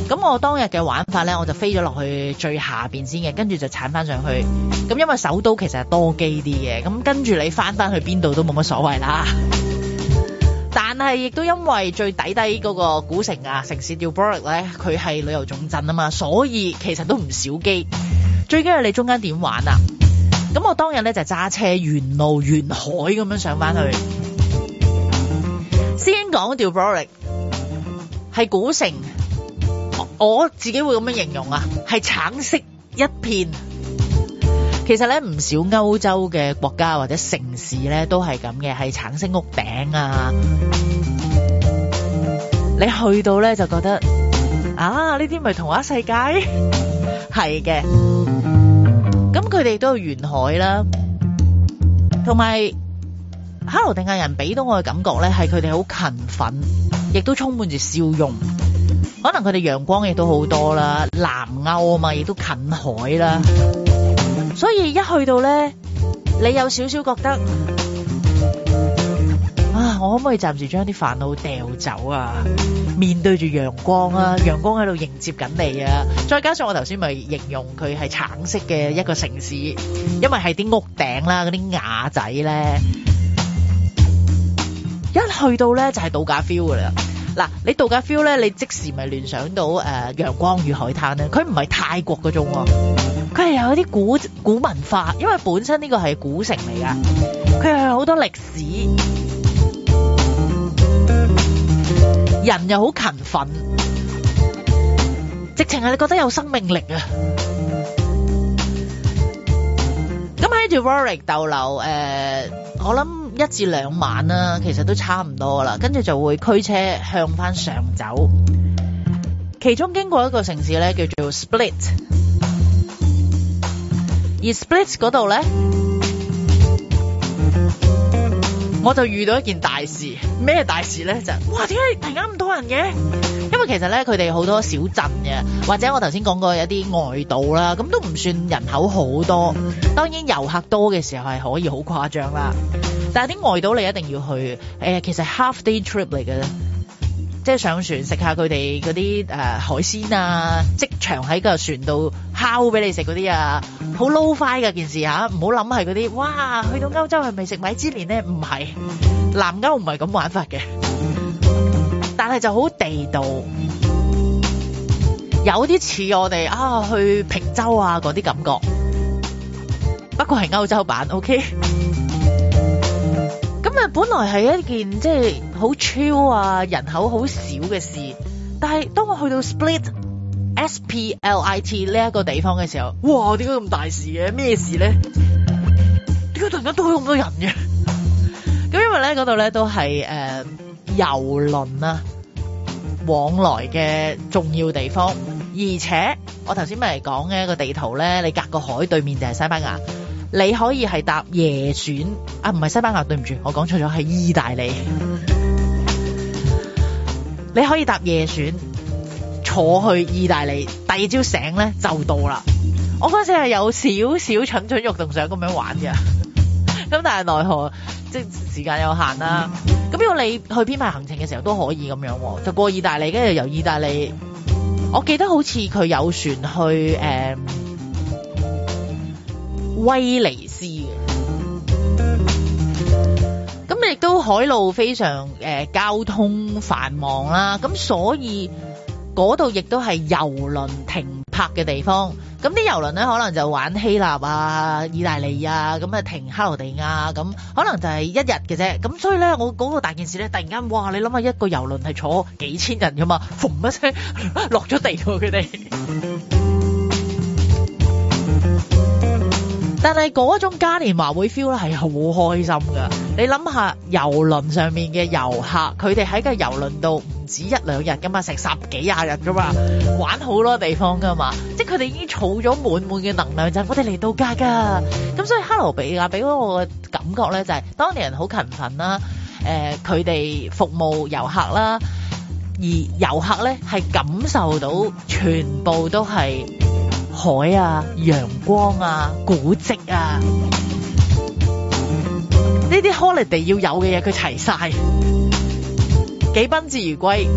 咁我當日嘅玩法咧，我就飛咗落去最下面先嘅，跟住就鏟翻上去。咁因為首都其實多機啲嘅，咁跟住你翻翻去邊度都冇乜所謂啦。但係亦都因為最底低嗰個古城啊，城市 Dubrovnik 咧，佢係旅遊總鎮啊嘛，所以其實都唔少機。最緊要你中間點玩啊！咁我當日咧就揸、是、車沿路沿海咁樣上翻去。先講掉 Dubrovnik 係古城，我，我自己會咁樣形容啊，係橙色一片。其實咧唔少歐洲嘅國家或者城市咧都係咁嘅，係橙色屋頂啊。你去到咧就覺得啊，呢啲咪童話世界？係 嘅。咁佢哋都係沿海啦，同埋克羅地亞人俾到我嘅感覺咧，係佢哋好勤奮，亦都充滿住笑容。可能佢哋陽光亦都好多啦，南歐啊嘛，亦都近海啦，所以一去到咧，你有少少覺得。我可唔可以暫時將啲煩惱掉走啊？面對住陽光啊，陽光喺度迎接緊你啊！再加上我頭先咪形容佢係橙色嘅一個城市，因為係啲屋頂啦、嗰啲瓦仔咧，一去到咧就係、是、度假 feel 㗎啦。嗱，你度假 feel 咧，你即時咪聯想到誒陽、呃、光與海灘咧。佢唔係泰國嗰種、哦，佢係有啲古古文化，因為本身呢個係古城嚟㗎，佢係好多歷史。人又好勤奮，直情係你覺得有生命力啊！咁喺 Dubrovnik 逗留誒，我諗一至兩晚啦，其實都差唔多啦。跟住就會驅車向翻上走，其中經過一個城市咧，叫做 Split。而 Split 嗰度咧。我就遇到一件大事，咩大事咧？就是、哇，點解突然間咁多人嘅？因為其實咧，佢哋好多小鎮嘅，或者我頭先講過有啲外島啦，咁都唔算人口好多。當然遊客多嘅時候係可以好誇張啦，但係啲外島你一定要去。呃、其實 half day trip 嚟㗎。即係上船食下佢哋嗰啲誒海鮮啊，即場喺個船度烤俾你食嗰啲啊，好撈快㗎件事吓，啊，唔好諗係嗰啲哇，去到歐洲係咪食米芝蓮呢？唔係，南歐唔係咁玩法嘅，但係就好地道，有啲似我哋啊去平洲啊嗰啲感覺，不過係歐洲版，OK。因為，本來係一件即係好超啊，人口好少嘅事。但係當我去到 Split Split, S P L I T 呢一個地方嘅時候，哇！點解咁大事嘅？咩事咧？點解突然間多咗咁多人嘅？咁因為咧，嗰度咧都係誒遊輪啊往來嘅重要地方。而且我頭先咪講嘅一個地圖咧，你隔個海對面就係西班牙。你可以係搭夜船，啊，唔係西班牙，對唔住，我講錯咗，係意大利。 你可以搭夜船，坐去意大利，第二朝醒咧就到啦。我嗰陣時係有少少蠢蠢欲動想咁樣玩嘅，咁但係奈何即係時間有限啦、啊。咁如果你去編排行程嘅時候都可以咁樣，就過意大利，跟住由意大利，我記得好似佢有船去誒。嗯威尼斯嘅，咁亦都海路非常誒交通繁忙啦，咁所以嗰度亦都係遊輪停泊嘅地方，咁啲遊輪咧可能就玩希臘啊、意大利啊，咁啊停克羅地亞，咁可能就係一日嘅啫，咁所以咧我嗰個大件事咧，突然間哇，你諗下一個遊輪係坐幾千人㗎嘛，嘣一聲落咗地喎佢哋。但係嗰種嘉年華會 feel 咧係好開心噶，你諗下遊輪上面嘅遊客，佢哋喺個遊輪度唔止一兩日噶嘛，成十幾廿日噶嘛，玩好多地方噶嘛，即係佢哋已經儲咗滿滿嘅能量就係、是、我哋嚟度假㗎。咁所以哈羅比亞俾我嘅感覺咧就係、是、當地人好勤奮啦，誒佢哋服務遊客啦，而遊客咧係感受到全部都係。海啊，陽光啊，古蹟啊，呢啲 holiday 要有嘅嘢佢齊晒，幾賓至如歸。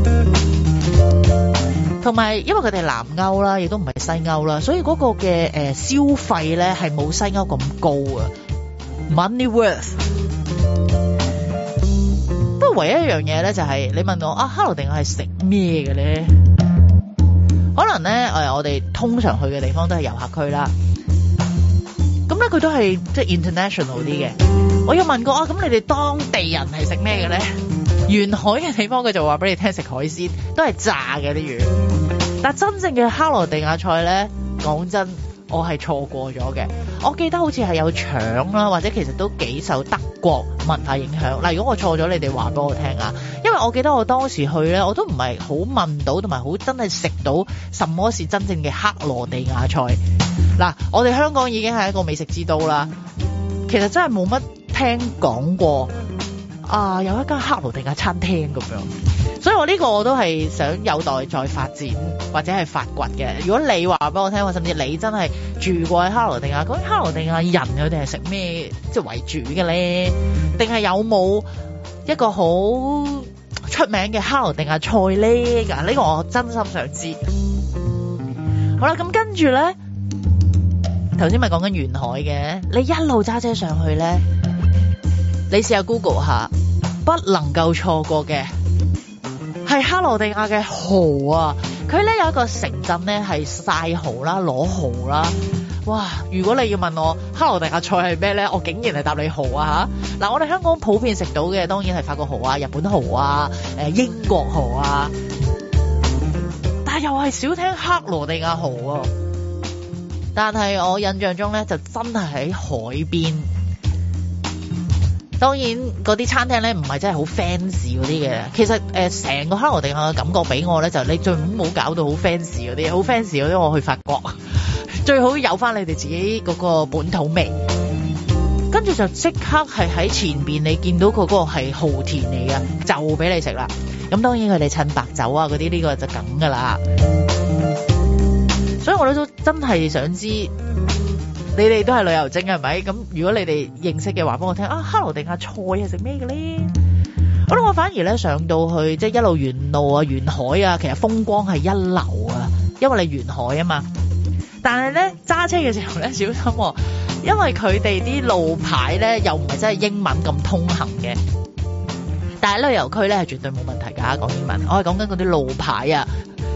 同埋因為佢哋南歐啦，亦都唔係西歐啦，所以嗰個嘅誒消費咧係冇西歐咁高啊。Money worth。不過唯一一樣嘢咧就係、是、你問我啊 holiday 我係食咩嘅咧？可能咧、哎、我哋通常去嘅地方都係遊客區啦。咁咧佢都係即係、就是、international 啲嘅。我有問過啊，咁你哋當地人係食咩嘅咧？沿海嘅地方佢就話俾你聽食海鮮，都係炸嘅啲魚。但真正嘅克羅地亞菜咧，講真。我係錯過咗嘅，我記得好似係有腸啦，或者其實都幾受德國文化影響。嗱，如果我錯咗，你哋話俾我聽啊！因為我記得我當時去咧，我都唔係好問到，同埋好真係食到什麼是真正嘅克羅地亞菜。嗱，我哋香港已經係一個美食之都啦，其實真係冇乜聽講過啊，有一間克羅地亞餐廳咁樣。所以我呢個我都係想有待再發展或者係發掘嘅。如果你話俾我聽話，甚至你真係住過喺哈羅地亞，咁哈羅地亞人佢哋係食咩即係為主嘅咧？定係有冇一個好出名嘅哈羅地亞菜咧？噶、這、呢個我真心想知。好啦，咁跟住咧，頭先咪講緊沿海嘅，你一路揸車上去咧，你試下 Google 下，不能夠錯過嘅。係克羅地亞嘅蠔啊！佢咧有一個城鎮咧係晒蠔啦、攞蠔啦。哇！如果你要問我克羅地亞菜係咩咧，我竟然係答你蠔啊吓！嗱、啊，我哋香港普遍食到嘅當然係法國蠔啊、日本蠔啊、誒英國蠔啊，但係又係少聽克羅地亞蠔啊。但係我印象中咧就真係喺海邊。當然嗰啲餐廳咧唔係真係好 fancy 嗰啲嘅，其實誒成、呃、個克羅地亞嘅感覺俾我咧就係、你最唔好搞到好 fancy 嗰啲，好 fancy 啲我去法國，最好有翻你哋自己嗰個本土味，跟住就即刻係喺前邊你見到佢嗰個係蠔田嚟㗎，就俾你食啦。咁當然佢哋襯白酒啊嗰啲呢個就梗㗎啦。所以我都真係想知道。你哋都係旅遊精係咪？咁如果你哋認識嘅話，俾我聽啊！克羅地亞菜係食咩嘅咧？咁我反而咧上到去即係一路沿路啊、沿海啊，其實風光係一流啊，因為你是沿海啊嘛。但係咧揸車嘅時候咧小心、哦，因為佢哋啲路牌咧又唔係真係英文咁通行嘅。但係旅遊區咧係絕對冇問題㗎，講英文。我係講緊嗰啲路牌啊，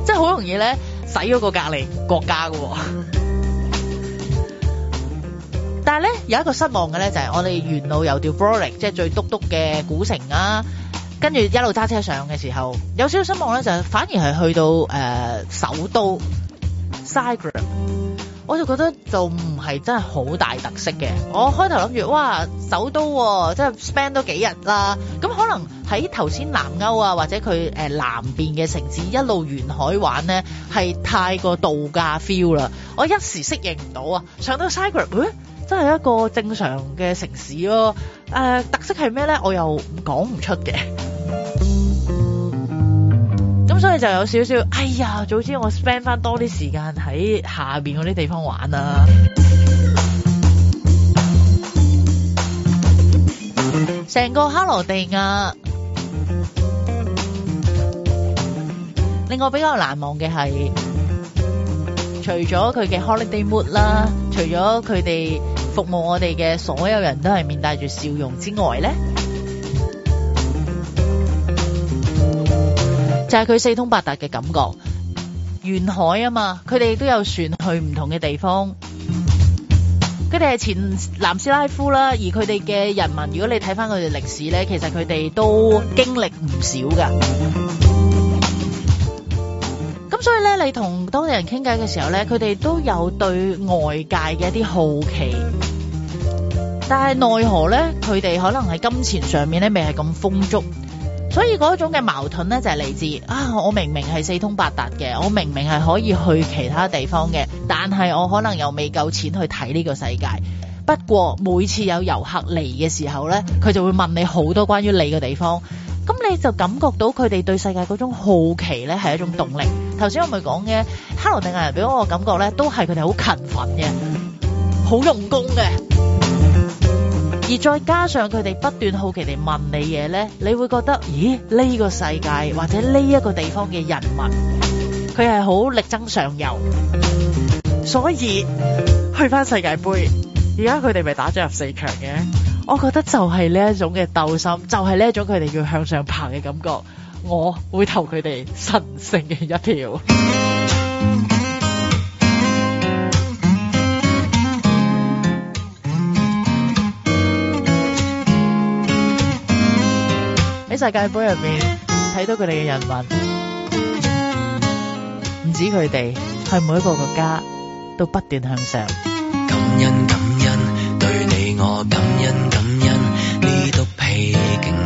即係好容易咧使咗個隔籬國家㗎喎、哦。咧、 嗯、有一個失望嘅咧，就係我哋沿路由 Dubrovnik 即係最督篤嘅古城啊，跟住一路揸車上嘅時候，有少少失望咧，就係反而係去到誒、呃、首都 Zagreb 我就覺得就唔係真係好大特色嘅。我開頭諗住哇首都即係 spend 多幾日啦，咁可能喺頭先南歐啊，或者佢誒、呃、南邊嘅城市一路沿海玩咧，係太過度假 feel 啦，我一時適應唔到啊，上到 Zagreb 都係一個正常嘅城市咯，誒、呃，特色係咩咧？我又講唔出嘅，咁 所以就有少少，哎呀，早知我 spend 翻多啲時間喺下邊嗰啲地方玩啦。成 個克羅地亞，令我比較難忘嘅係，除咗佢嘅 holiday mood 啦，除咗佢哋。服務我哋嘅所有人都係面帶住笑容之外呢，就係佢四通八達嘅感覺。沿海啊嘛，佢哋都有船去唔同嘅地方。佢哋係前南斯拉夫啦，而佢哋嘅人民，如果你睇翻佢哋歷史呢，其實佢哋都經歷唔少㗎。所以咧，你同當地人傾偈嘅時候咧，佢哋都有對外界嘅一啲好奇，但係奈何咧，佢哋可能喺金錢上面咧未係咁豐足，所以嗰種嘅矛盾咧就係嚟自啊！我明明係四通八達嘅，我明明係可以去其他地方嘅，但係我可能又未夠錢去睇呢個世界。不過每次有遊客嚟嘅時候咧，佢就會問你好多關於你嘅地方，咁你就感覺到佢哋對世界嗰種好奇咧係一種動力。頭先我咪講嘅，克羅地亞人俾我個感覺咧，都係佢哋好勤奮嘅，好用功嘅。而再加上佢哋不斷好奇地問你嘢咧，你會覺得，咦？呢個世界或者呢一個地方嘅人民，佢係好力爭上游。所以去翻世界杯，而家佢哋咪打咗入四強嘅。我覺得就係呢一種嘅鬥心，就係呢一種佢哋要向上爬嘅感覺。我會投佢哋神聖嘅一票。喺 世界杯入面睇到佢哋嘅人民，唔止佢哋，係每一個國家都不斷向上。感恩感恩，對你我感恩。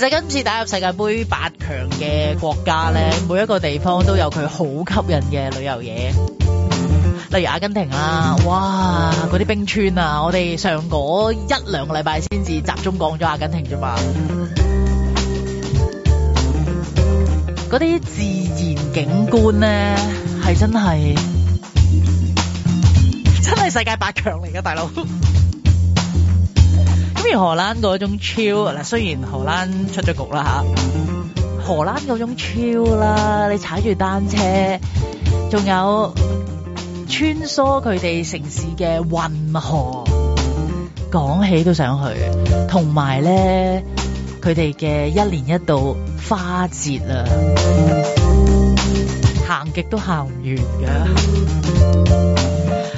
其實今次打入世界杯八強嘅國家咧，每一個地方都有佢好吸引嘅旅遊嘢。例如阿根廷啦、啊。哇，嗰啲冰川啊，我哋上嗰一兩個禮拜先至集中講咗阿根廷啫嘛。嗰啲自然景觀咧，係真係真係世界八強嚟㗎大佬。咁而荷蘭嗰種 chill，嗱，雖然荷蘭出咗局啦嚇，荷蘭嗰種 chill 啦，你踩住單車，仲有穿梭佢哋城市嘅運河，講起都想去，同埋咧佢哋嘅一年一度花節啊，行極都行唔完嘅。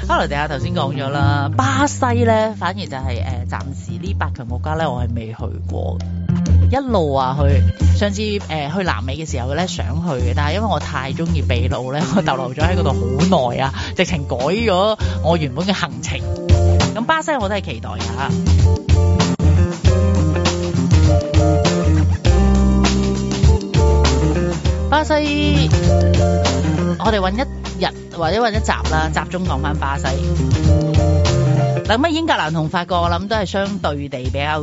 哈羅大家，頭先講咗啦，巴西咧反而就係、呃、暫時呢八強國家咧，我係未去過。一路話去，上次、呃、去南美嘅時候咧想去嘅，但係因為我太中意秘魯咧，我逗留咗喺嗰度好耐啊，直情改咗我原本嘅行程。咁巴西我都係期待下。巴西，我哋搵一日或者或者集啦，集中講翻巴西。嗱，咁英格蘭同法國，我諗都係相對地比較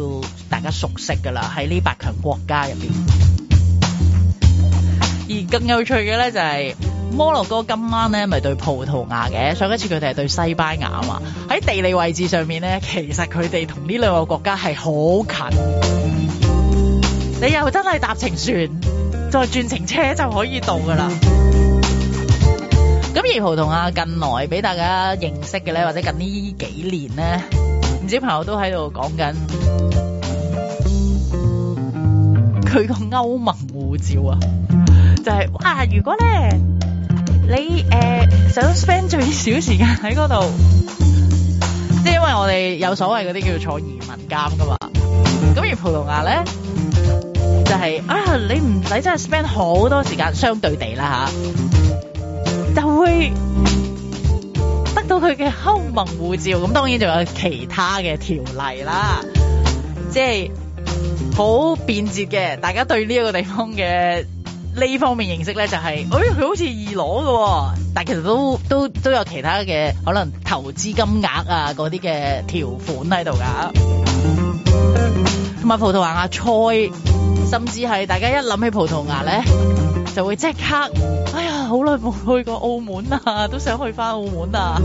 大家熟悉噶啦，喺呢八強國家入邊。而更有趣嘅咧就係、是、摩洛哥今晚咧咪對葡萄牙嘅，上一次佢哋係對西班牙啊嘛。喺地理位置上面咧，其實佢哋同呢兩個國家係好近。你又真係搭程船再轉程車就可以到噶啦。葡萄牙近來俾大家認識嘅咧，或者近呢幾年咧，唔少朋友都喺度講緊佢個歐盟護照啊，就係、是、哇！如果咧你誒、呃、想 spend 最少時間喺嗰度，即係因為我哋有所謂嗰啲叫做坐移民監噶嘛，咁而葡萄牙咧就係、是、啊，你唔使真係 spend 好多時間，相對地啦吓。得到佢嘅歐盟護照，咁當然仲有其他嘅條例啦，即係好便捷嘅。大家對呢一個地方嘅呢方面認識咧，就係、是，哎，佢好似易攞嘅，但係其實都都都有其他嘅可能投資金額啊，嗰啲嘅條款喺度噶。咁啊，葡萄牙阿菜，甚至係大家一諗起葡萄牙咧，就會即刻。好耐冇去過澳門啊，都想去翻澳門啊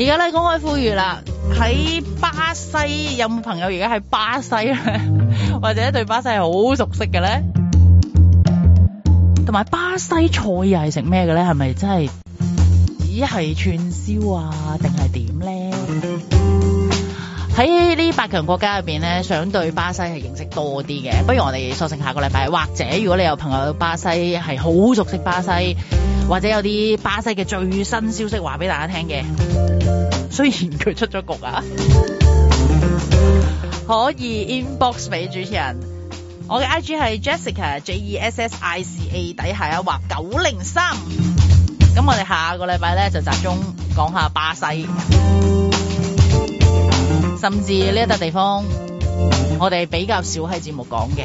而家咧，公開呼籲啦，喺巴西有冇朋友而家喺巴西咧， 或者對巴西係好熟悉嘅咧？同埋巴西菜又係食咩嘅咧？係咪真係咦，係串燒啊？定係點咧？喺呢八強國家入邊，咧，想對巴西係認識多啲嘅，不如我哋索性下個禮拜，或者如果你有朋友巴西係好熟悉巴西，或者有啲巴西嘅最新消息話俾大家聽嘅。雖然佢出咗局啊， 可以 inbox 俾主持人，我嘅 I G 係 Jessica J E S S I C A 底下一畫九零三，咁我哋下個禮拜咧就集中講下巴西。甚至呢一笪地方，我哋比較少喺節目講嘅，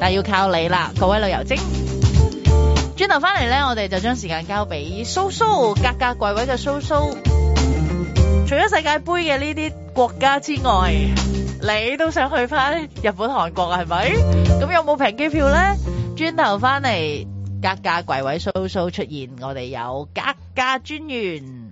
但係要靠你啦，各位旅遊精。轉頭翻嚟咧，我哋就將時間交俾蘇蘇格價櫃位嘅蘇蘇。除咗世界盃嘅呢啲國家之外，你都想去翻日本、韓國啊？係咪？咁有冇平機票咧？轉頭翻嚟格價櫃位蘇蘇、so so、出現，我哋有格價專員。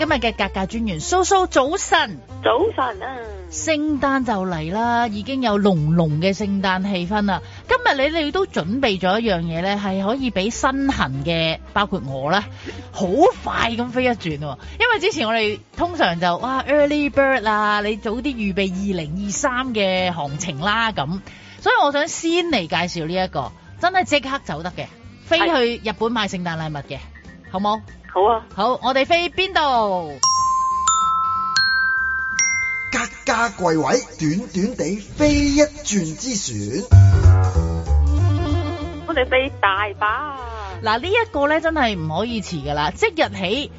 今日嘅格格專員蘇蘇，早晨，早晨啊！聖誕就嚟啦，已經有濃濃嘅聖誕氣氛啦。今日你哋都準備咗一樣嘢咧，係可以俾身痕嘅，包括我呢，好 快咁飛一轉。因為之前我哋通常就哇 early bird 啊，你早啲預備二零二三嘅行程啦咁。所以我想先嚟介紹呢、這、一個，真係即刻走得嘅，是飛去日本買聖誕禮物嘅，好冇？好啊，好，我哋飛邊度？格價櫃位，短短地飛一轉之船。我哋飛大把。嗱，呢、這、一個咧真係唔可以遲噶啦，即日起，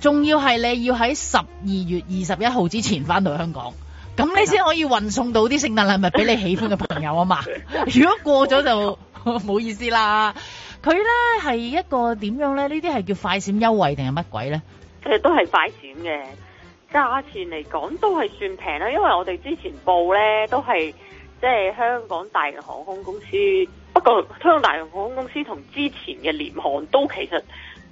仲要係你要喺十二月二十一號之前返到香港，咁的你先可以運送到啲聖誕禮物俾你喜歡嘅朋友啊嘛。 如果過咗就。唔 好意思啦，佢呢係一個點樣呢？呢啲係叫快閃優惠定係乜鬼呢？其實都係快閃嘅，價錢嚟講都係算平啦。因為我哋之前報呢都係即係香港大型航空公司，不過香港大型航空公司同之前嘅廉航都其實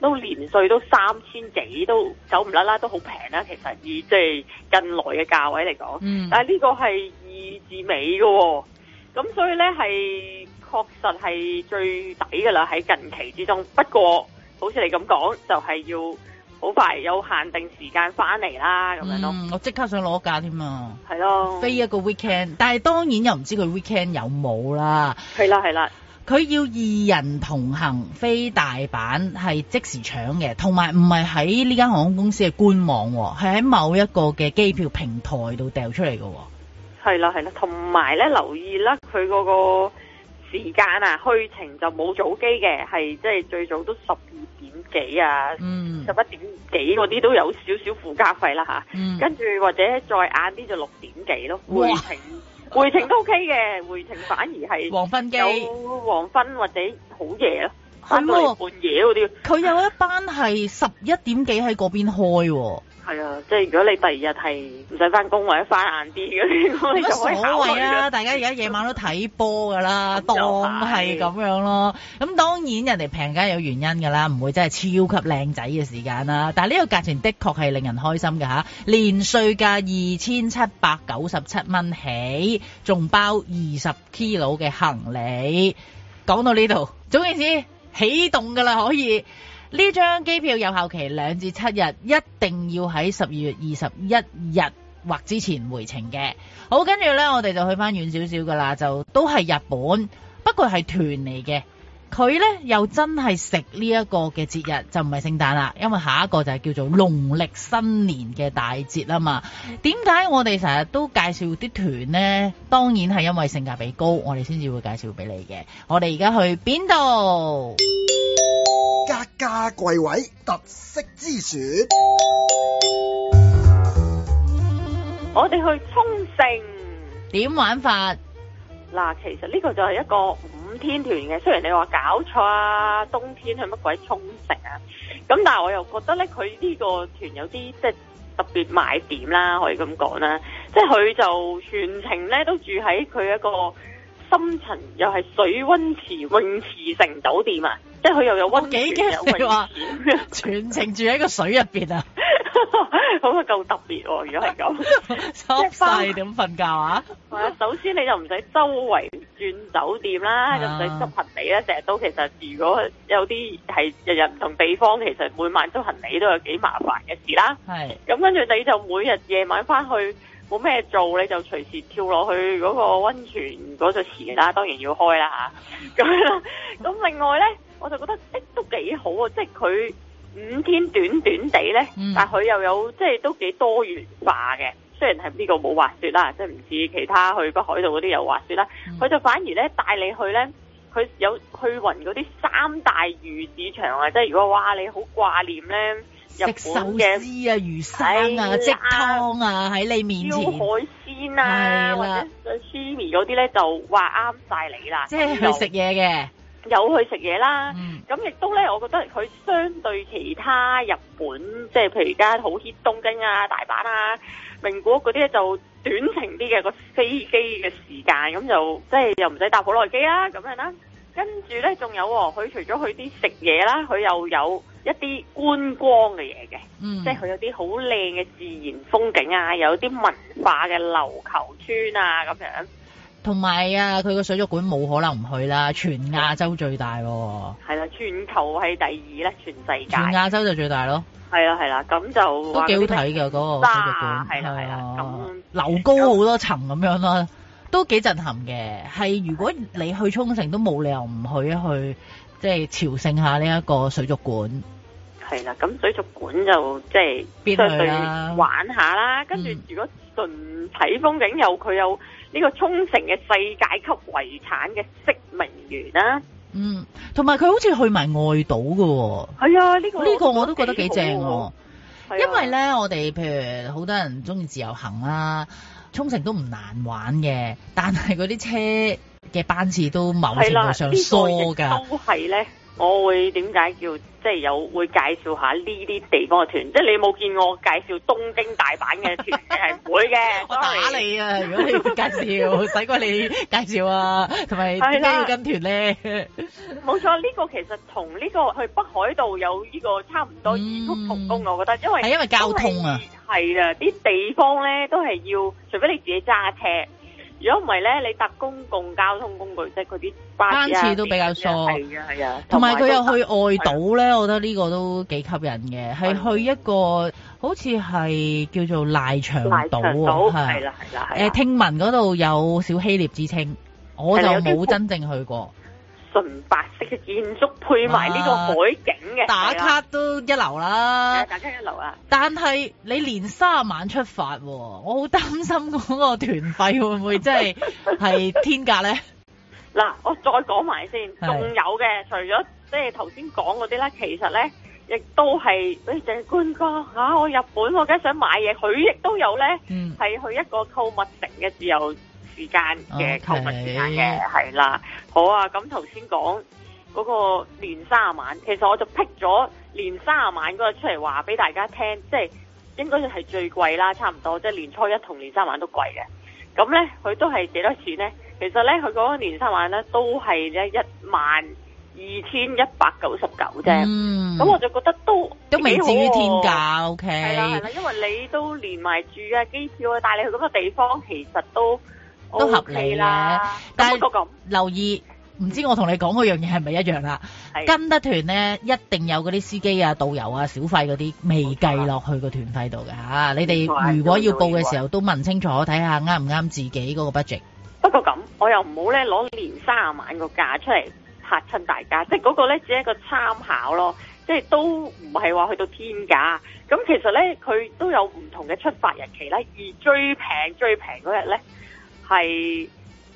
都年稅都三千幾都走唔甩啦，都好平啦。其實以即係近來嘅價位嚟講，嗯、但係呢個係二字尾嘅，咁所以呢係。確實係最抵嘅啦，喺近期之中。不過，好似你咁講，就係、是、要好快有限定時間翻嚟啦，咁、嗯、樣咯。我即刻想攞架添啊，係咯的，飛一個 weekend，但係當然又唔知佢 weekend 有冇啦。係啦，係啦，佢要二人同行飛大阪係即時搶嘅，同埋唔係喺呢間航空公司嘅官網，係喺某一個嘅機票平台度掉出嚟嘅。係啦，係啦，同埋咧留意啦，佢嗰、那個。時間啊，去程就冇早機嘅，係即係最早都十二點幾啊，十一、嗯、點幾嗰啲都有少少附加費啦、啊、嚇。嗯、跟住或者再晏啲就六點幾咯。哇回程回程都 OK 嘅，哇回程反而係黃昏機，有黃昏黃或者好夜咯，翻去半夜嗰啲。佢、哦、有一班係十一點幾喺嗰邊開、啊。係啊，即係如果你第二日係唔使翻工或者翻晏啲啲，冇乜所謂啊！ 大家而家夜晚都睇波噶啦， 當係咁樣咯。咁 當然人哋平梗係有原因噶啦，唔會真係超級靚仔嘅時間啦。但係呢個價錢的確係令人開心嘅吓、啊，連稅價二千七百九十七蚊起，仲包二十 kilo 嘅行李。講到呢度，總言之，啟動噶啦，可以。呢張機票有效期兩至七日，一定要喺十二月二十一日或之前回程嘅。好，跟住呢，我哋就去返遠少少㗎喇，就都係日本，不過係團嚟嘅。佢呢又真係食呢一個嘅節日就唔係聖誕啦，因為下一個就係叫做農曆新年嘅大節啦嘛。點解我哋成日都介紹啲團呢？當然係因為性價比高，我哋先至會介紹俾你嘅。我哋而家去邊度？家家貴位特色之選，我哋去沖繩。點玩法？嗱，其實呢個就係一個。五天團嘅，雖然你話搞錯啊，冬天係乜鬼沖繩啊，咁但係我又覺得咧，佢呢個團有啲即係特別賣點啦，可以咁講啦，即係佢就全程咧都住喺佢一個深層又係水温池泳池城酒店啊。即係佢又有温幾嘅，有溫你話全程住喺個水入邊啊？咁啊夠特別喎！如果係咁，即係翻嚟點瞓覺啊？首先你就唔使周圍轉酒店啦，又唔使執行李啦，成日都其實如果有啲係日日唔同地方，其實每晚執行李都有幾麻煩嘅事啦。係咁是 跟住你就每日夜晚翻去冇咩做，你就隨時跳落去嗰個温泉嗰隻池啦，當然要開啦吓。咁樣啦。咁另外咧～我就覺得，即都幾好啊！即係佢五天短短地咧，嗯、但係佢又有即係都幾多元化嘅。雖然係呢個冇滑雪啦，即係唔似其他去北海道嗰啲有滑雪啦。佢、嗯、就反而咧帶你去咧，佢有去雲嗰啲三大魚市場啊！即係如果哇，你好掛念咧，日本嘅食壽司啊、魚生啊、即湯啦啊喺你面前，燒海鮮啊，啦或者 sashimi 嗰啲咧，就話啱曬你啦！即係去食嘢嘅。有去食嘢啦，咁亦都咧，我覺得佢相對其他日本，即係譬如而家好 hit 東京啊、大阪啊、名古屋嗰啲咧，就短程啲嘅個飛機嘅時間，咁就即係又唔使搭好耐機啦，咁樣啦。跟住咧，仲有佢除咗去啲食嘢啦，佢又有一啲觀光嘅嘢嘅，即係佢有啲好靚嘅自然風景啊，有啲文化嘅琉球村啊咁樣。同埋啊，佢個水族館冇可能唔去啦，全亞洲最大。係啦，全球係第二咧，全世界。全亞洲就最大咯。係啊，係啦，咁就都幾好睇嘅嗰個水族館，係啦，係啦，咁樓、啊、的高好多層咁樣咯，都幾震撼嘅。係的如果你去沖繩，都冇理由唔去一去，即係朝聖下呢一個水族館。係啦，咁水族館就即係變咗去玩下啦，跟住如果、嗯。純睇風景，有佢有呢個沖繩嘅世界級遺產嘅識名園啦、啊。嗯，同埋佢好似去埋外島嘅、哦，係啊、哎，呢、這個呢個我，我都覺得幾正。因為呢，我哋譬如好多人中意自由行啦，沖繩都唔難玩嘅，但係嗰啲車嘅班次都某程度上疏噶、哎呀。都係的呢。我會點解叫即係有會介紹下呢啲地方嘅團，即係你冇見我介紹東京大阪嘅團係唔 會嘅，我打你啊！如果你介紹，使鬼 你介紹啊，同埋點解要跟團咧？冇錯，呢、這個其實同呢、這個去北海道有呢、這個差唔多異曲同工，嗯、我覺得，因為係因為交通啊，係啊，啲地方咧都係要，除非你自己揸車。如果唔係咧，你搭公共交通工具，即係佢啲班次都比較疏，係啊係啊，同埋佢又去外島咧，的我覺得呢個都幾吸引嘅，係的去一個好似係叫做賴長島係係啦係啦，誒的聽聞嗰度有小希臘之稱，我就冇真正去過。純白色嘅建築配埋呢個海景嘅、啊，打卡都一流啦。打卡一流啊！但係你連三晚出發，我好擔心嗰個團費會唔會真係係天價呢？嗱、 啊，我再講埋先，仲有嘅，除咗即係頭先講嗰啲呢，其實呢，亦都係，誒、哎，淨係觀光啊，我日本，我梗係想買嘢，佢亦都有呢，係、嗯、去一個購物城嘅自由。時間嘅購物時間嘅係啦，好啊！咁頭先講嗰個年卅晚，其實我就 pick 咗年卅晚嗰個出嚟，話俾大家聽，即係應該係最貴啦，差唔多即係年初一同年卅晚都貴嘅。咁呢，佢都係幾多錢呢？其實呢，佢嗰個年卅晚呢都係一萬二千一百九十九啫。嗯，咁我就覺得都好，都未至於天價。O K，係啦係啦，因為你都連埋住嘅機票啊，帶你去嗰個地方，其實都。都合理啦，okay，了但係是、那個、留意，唔、嗯、知我同你講嗰樣嘢係咪一樣啦？是跟得團呢，一定有嗰啲司機啊、導遊啊、小費嗰啲未計落去個團費度㗎。吓。你哋如果要報嘅時候，都問清楚，睇下啱唔啱自己嗰個 budget。不過咁，我又唔好呢攞年卅萬個價出嚟吓親大家，即係嗰個呢，只係一個參考咯，即係都唔係話去到天價。咁其實呢，佢都有唔同嘅出發日期呢，而最平最平嗰日呢，係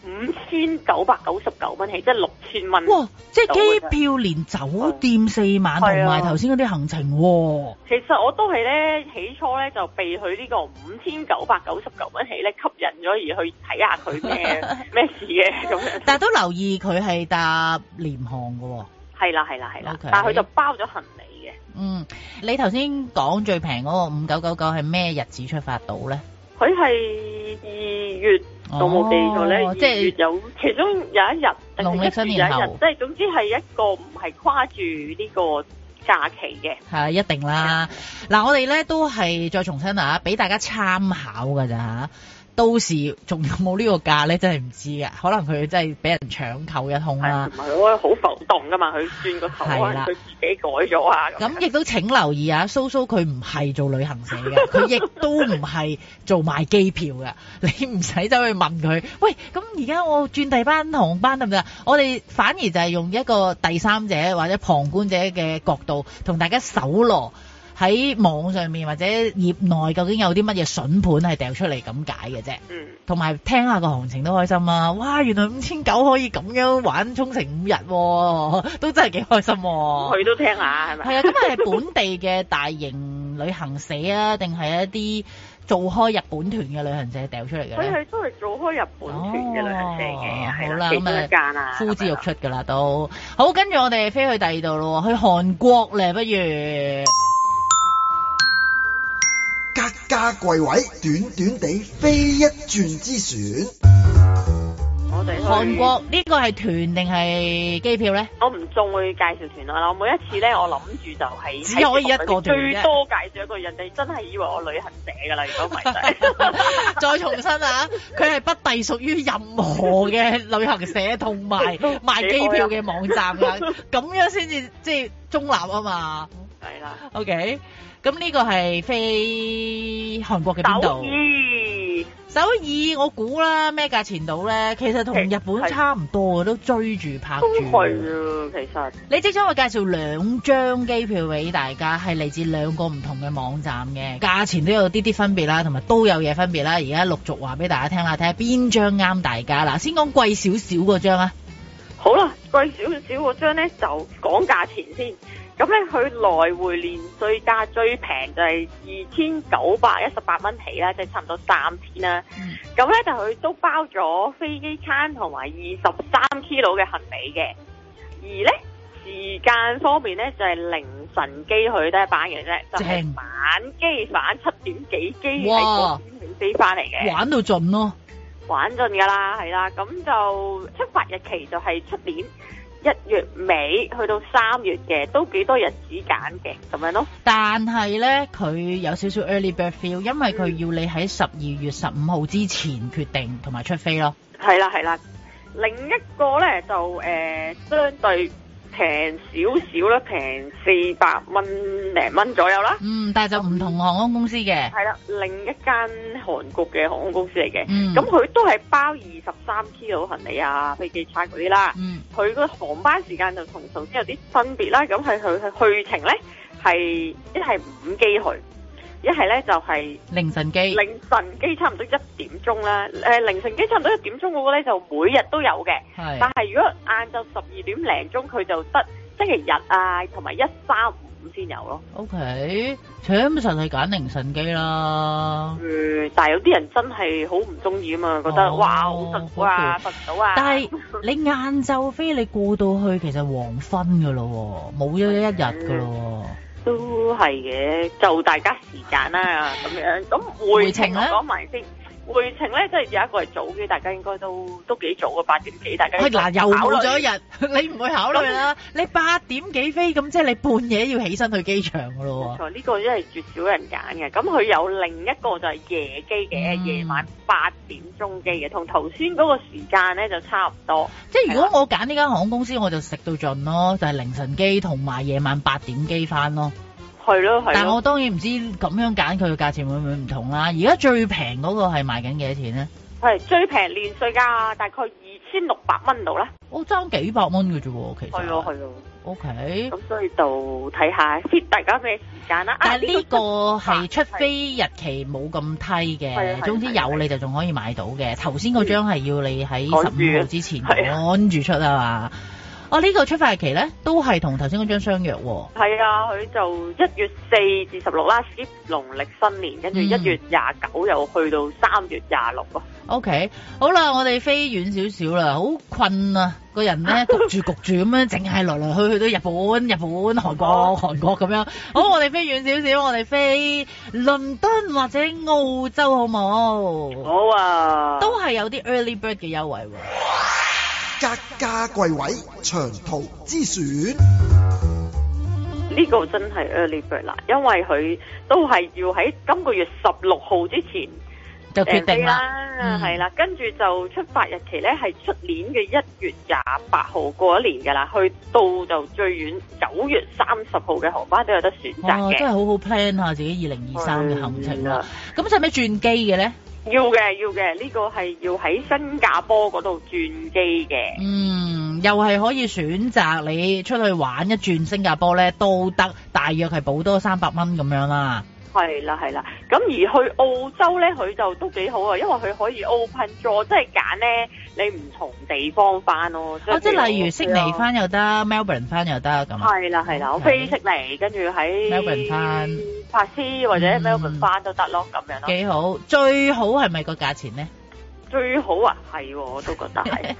五千九百九十九蚊起，即係六千蚊。哇！即係機票連酒店四晚同埋頭先嗰啲行程，嗯。其實我都係咧，起初咧就被佢呢個五千九百九十九蚊起咧吸引咗，而去睇下佢咩咩事嘅。咁但係都留意佢係搭廉航㗎，哦。係啦係啦係啦，Okay. 但係佢就包咗行李嘅。嗯，你頭先講最平嗰個五九九九係咩日子出發到咧？佢係二月到冇地咗咧，即係有，其中有一日，農曆新年有一日，即係總之係一個唔係跨住呢個假期嘅。係啊，一定啦！嗱，我哋咧都係再重申啊，俾大家參考㗎咋嚇。到時仲有冇呢個價咧？真係唔知嘅，可能佢真係俾人搶購一空啦。唔係？我好浮動噶嘛，佢轉個頭啦，佢的自己改咗啊。咁亦都請留意啊， 蘇蘇佢唔係做旅行社嘅，佢亦都唔係做賣機票嘅。 你唔使走去問佢，喂，咁而家我轉第班航班得唔得？我哋反而就係用一個第三者或者旁觀者嘅角度，同大家搜羅。喺網上面或者業內究竟有啲乜嘢筍盤係掉出嚟咁解嘅啫，同埋、嗯、聽下個行情都開心啊！哇，原來五千九可以咁樣玩沖繩五日、啊，都真係幾開心、啊。去都聽下係咪？係啊，咁係本地嘅大型旅行社啊，定係 一啲做開日本團嘅旅行社掉出嚟嘅？佢係都係做開日本團嘅旅行社嘅，哦哦、了好啦，幾間啊，呼之欲出㗎啦吧都好。跟住我哋飛去第二度咯，去韓國咧，不如。加櫃位，短短地飛一轉之選。我哋韓國呢個係團定係機票咧？我唔再介紹團啦，我每一次咧，我諗住就係只可以一個團，最多介紹一個人，哋、啊，人真係以為我旅行社㗎啦？如果唔係， 再重申啊！佢係不隸屬於任何嘅旅行社同埋賣機票嘅網站啦，咁愛、啊、 樣先至即係中立啊嘛。係啦的，OK。咁呢個係飛韓國嘅邊度？首爾，首爾，我估啦，咩價錢到咧？其實同日本差唔多啊，都追住拍住啊。其實你即將我介紹兩張機票俾大家，係嚟自兩個唔同嘅網站嘅，價錢都有啲啲分別啦，同埋都有嘢分別啦。而家陸續話俾大家聽啦，睇下邊張啱大家。嗱，先講貴少少嗰張啊。好啦，貴少少嗰張咧，就講價錢先。咁咧，佢來回年最價最平就係二千九百一十八蚊起啦，即、就、係、是、差唔多三千啦。咁咧就佢都包咗飛機餐同埋二十三 kilo 嘅行李嘅。而咧時間方面咧就係、是、凌晨機去得一班嘅啫，正就係晚機，晚七點幾機喺嗰邊飛翻嚟嘅，玩到盡咯，玩盡㗎啦，係啦。咁就出發日期就係七點。一月尾去到三月嘅都幾多日子揀嘅咁樣咯，但係咧佢有少少 early bird feel，因為佢要你喺十二月十五號之前決定同埋出飛咯。係啦係啦，另一個咧就誒相對平少少啦，平四百蚊零蚊左右啦。嗯，但係就唔同航空公司嘅。係啦，另一間韓國嘅航空公司嚟嘅。嗯，咁佢都係包二十三 KG 行李啊，飛機餐嗰啲啦。嗯，佢個航班時間就同頭先有啲分別啦。咁係佢去程咧，係一係五機去。一係咧就係凌晨機，凌晨機、呃，凌晨機差唔多一點鐘啦。誒凌晨機差唔多一點鐘，嗰個咧就每日都有嘅。係，但係如果晏晝十二點零鐘，佢就得星期日啊，同埋一三五先有咯。OK，請神係揀凌晨機啦。嗯，但係有啲人真係好唔中意啊嘛，覺得、哦、哇好辛苦啊，瞓唔到啊。但係你晏晝飛，你過到去其實黃昏噶咯喎，冇咗一一日噶咯喎。嗯。都係嘅，就大家時間啦，咁樣，咁回程我講埋先。回程咧，即係有一個係早機，大家應該都都幾早嘅，八點幾。大家係嗱又早咗一日，人 你唔會考慮啦。對了 你八點幾飛咁，即係你半夜要起身去機場㗎咯。冇錯，呢、這個真係絕少人揀嘅。咁佢有另一個就係夜機嘅，嗯、夜晚八點鐘機嘅，同頭先嗰個時間咧就差唔多。即係如果我揀呢間航空公司，我就食到盡咯，就係、是、凌晨機同埋夜晚八點機返咯。係咯，係。但係我當然唔知咁樣揀佢嘅價錢會唔會唔同啦、啊。而家最平嗰個係賣緊幾多錢咧？係最平連稅價大概二千六百蚊度啦。我爭幾百蚊嘅啫喎，其實。係喎係喎。O K，咁所以就睇下先，大家咩時間啦？但係呢個係出飛係，日期冇咁低嘅，總之有你就仲可以買到嘅。頭先嗰張係要你喺十五號之前攤住出啊嘛。呢、啊這個出發日期咧，都係同頭先嗰張相約喎。係啊，佢就一月四至十六啦，接農曆新年，跟住一月廿九又去到三月廿六咯。O、okay, K，好啦，我哋飛遠少少啦，好困啊，個人咧焗住焗住咁樣，淨係來來去去都日本、日本、韓國、韓國咁樣。好，我哋飛遠少少， 我哋飛倫敦或者澳洲好冇？好啊，都係有啲 early bird 嘅優惠、啊。格價貴位長途之選，呢個真係 early bird 啦，因為佢都係要喺今個月十六號之前就決定啦，係啦、嗯，跟住就出發日期咧係出年嘅一月廿八號過一年噶啦，去到就最遠九月三十號嘅航班都有得選擇嘅，真係、哦、好好 plan 下自己二零二三嘅行程啦。咁使唔使轉機嘅咧？要嘅，要嘅，呢個係要喺新加坡嗰度轉機嘅。嗯，又係可以選擇你出去玩一轉新加坡咧，都得，大約係補多三百蚊咁樣啦。係啦，係啦，咁而去澳洲咧，佢就都幾好啊，因為佢可以 open jaw，即係揀咧你唔同地方翻咯。即係、哦、例如悉尼翻又得，Melbourne 翻又得咁。係啦，係啦，我飛悉尼，跟住喺 Melbourne 翻，珀斯或者 Melbourne 翻都得咯，咁樣咯。幾好，最好係咪個價錢咧？最好啊，係我都覺得係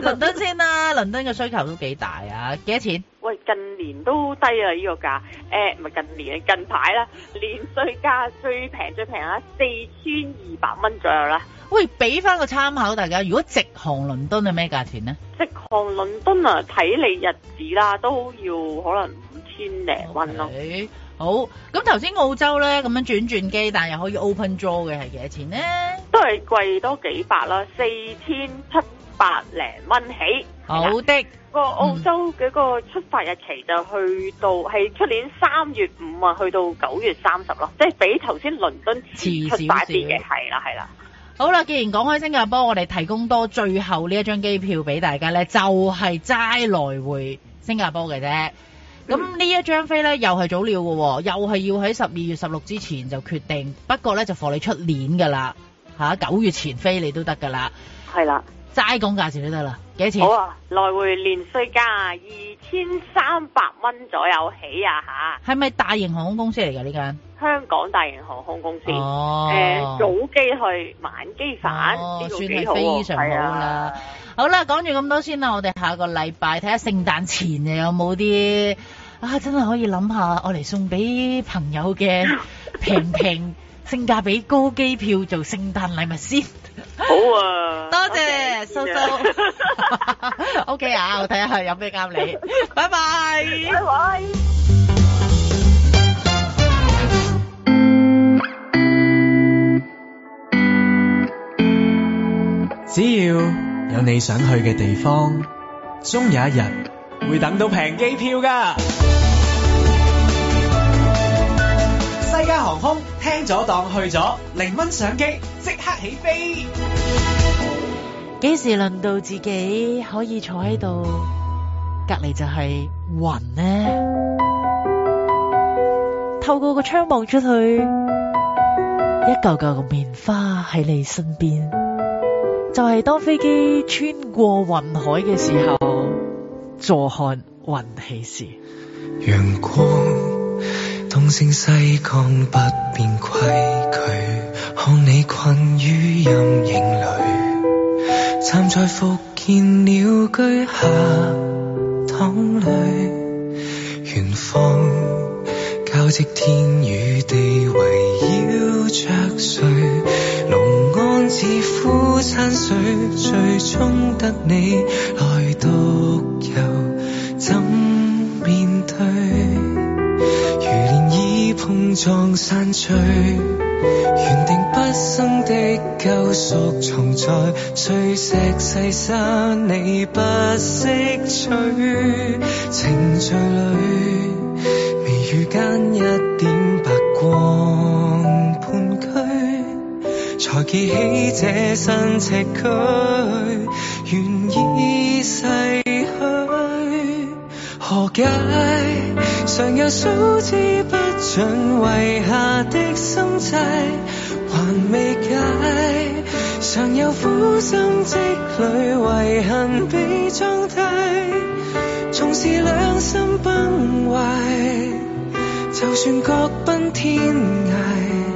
倫 敦先啦，倫 敦嘅需求都幾大啊，幾多錢？喂，近年都低啊，呢、這個價，誒、哎，唔係近年，近排啦，年稅價最平最平啊，四千二百蚊左右啦。喂，俾翻個參考大家，如果直航倫敦係咩價錢咧？直航倫敦啊，睇你日子啦、啊，都要可能五千零蚊咯。Okay. 好，咁頭先澳洲咧咁樣轉轉機，但又可以 open draw 嘅係幾多錢咧？都係貴多幾百啦，四千七百零蚊起。好的，個澳洲嗰個出發日期就去到係出、嗯、年三月五啊，去到九月三十咯，即係比頭先倫敦遲遲少少嘅。係啦，係啦。好啦，既然講開新加坡，我哋提供多最後呢一張機票俾大家咧，就係、是、齋來回新加坡嘅啫。咁呢、嗯、一張飛呢，又係早料嘅，又係要喺十二月十六之前就決定，不過呢，就放你出年噶啦，嚇、啊、九月前飛你都得噶啦，係啦的，齋講價錢都得啦，幾多錢？好啊，來回連稅加二千三百蚊左右起啊吓，係咪大型航空公司嚟㗎呢間？家香港大型航空公司，誒、哦呃，早機去晚機返，哦、機機算係非常好啦。啊、好啦，講住咁多先啦，我哋下個禮拜睇下聖誕前有冇啲啊，真係可以諗下，我嚟送俾朋友嘅平平。 性價比高機票做聖誕禮物先，好啊！多謝蘇蘇。O K 啊，我睇下有咩啱你。拜拜。拜拜。只要有你想去嘅地方，終有一日會等到平機票㗎。西加航空。阻檔去咗，零蚊相機即刻起飛。幾時輪到自己可以坐喺度？隔籬就係雲呢？透過個窗望出去，一嚿嚿嘅棉花喺你身邊。就係、是、當飛機穿過雲海嘅時候，坐看雲起時，陽光。東升西降不變規矩，看你困於陰影裏，站在伏見鳥居下淌淚，遠方交織天與地圍繞着誰，龍安寺枯山水最終得你來讀。撞山摧，原定畢生的救贖，藏在碎石細沙，你不識取。情緒裡，眉宇間一點白光盤踞，才記起這身赤軀，原已逝去。何解？常有數之不盡遺下的心債，還未解。常有苦心積累遺恨被裝低，縱是兩心崩壞，就算各奔天涯。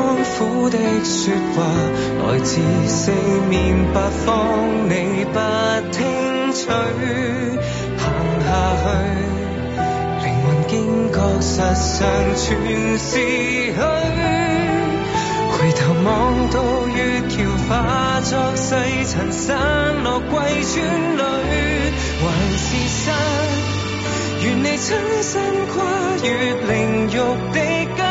苦的説話來自四面八方，不你不聽取，行下去，靈魂驚覺實上全是虛。回頭望到月橋化作細塵散落貴村裏還是失，願你親身跨越靈肉的家。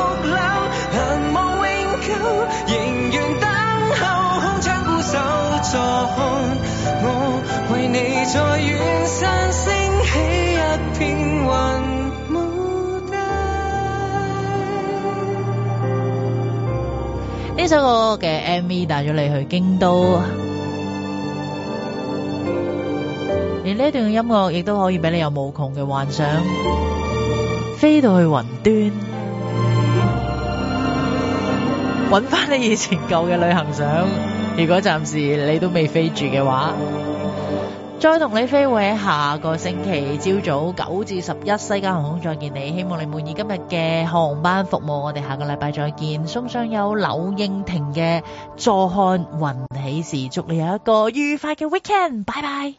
即我嘅 MV 帶咗你去京都，而呢一段音樂亦都可以俾你有無窮嘅幻想，飛到去雲端，揾翻你以前舊嘅旅行相。如果暫時你都未飛住嘅話。再同你飛會喺下個星期朝早九至十一，西加航空再見你，希望你滿意今日嘅航班服務，我哋下個禮拜再見。送上有柳英婷嘅坐看雲起時，祝你有一個愉快嘅 weekend，拜拜。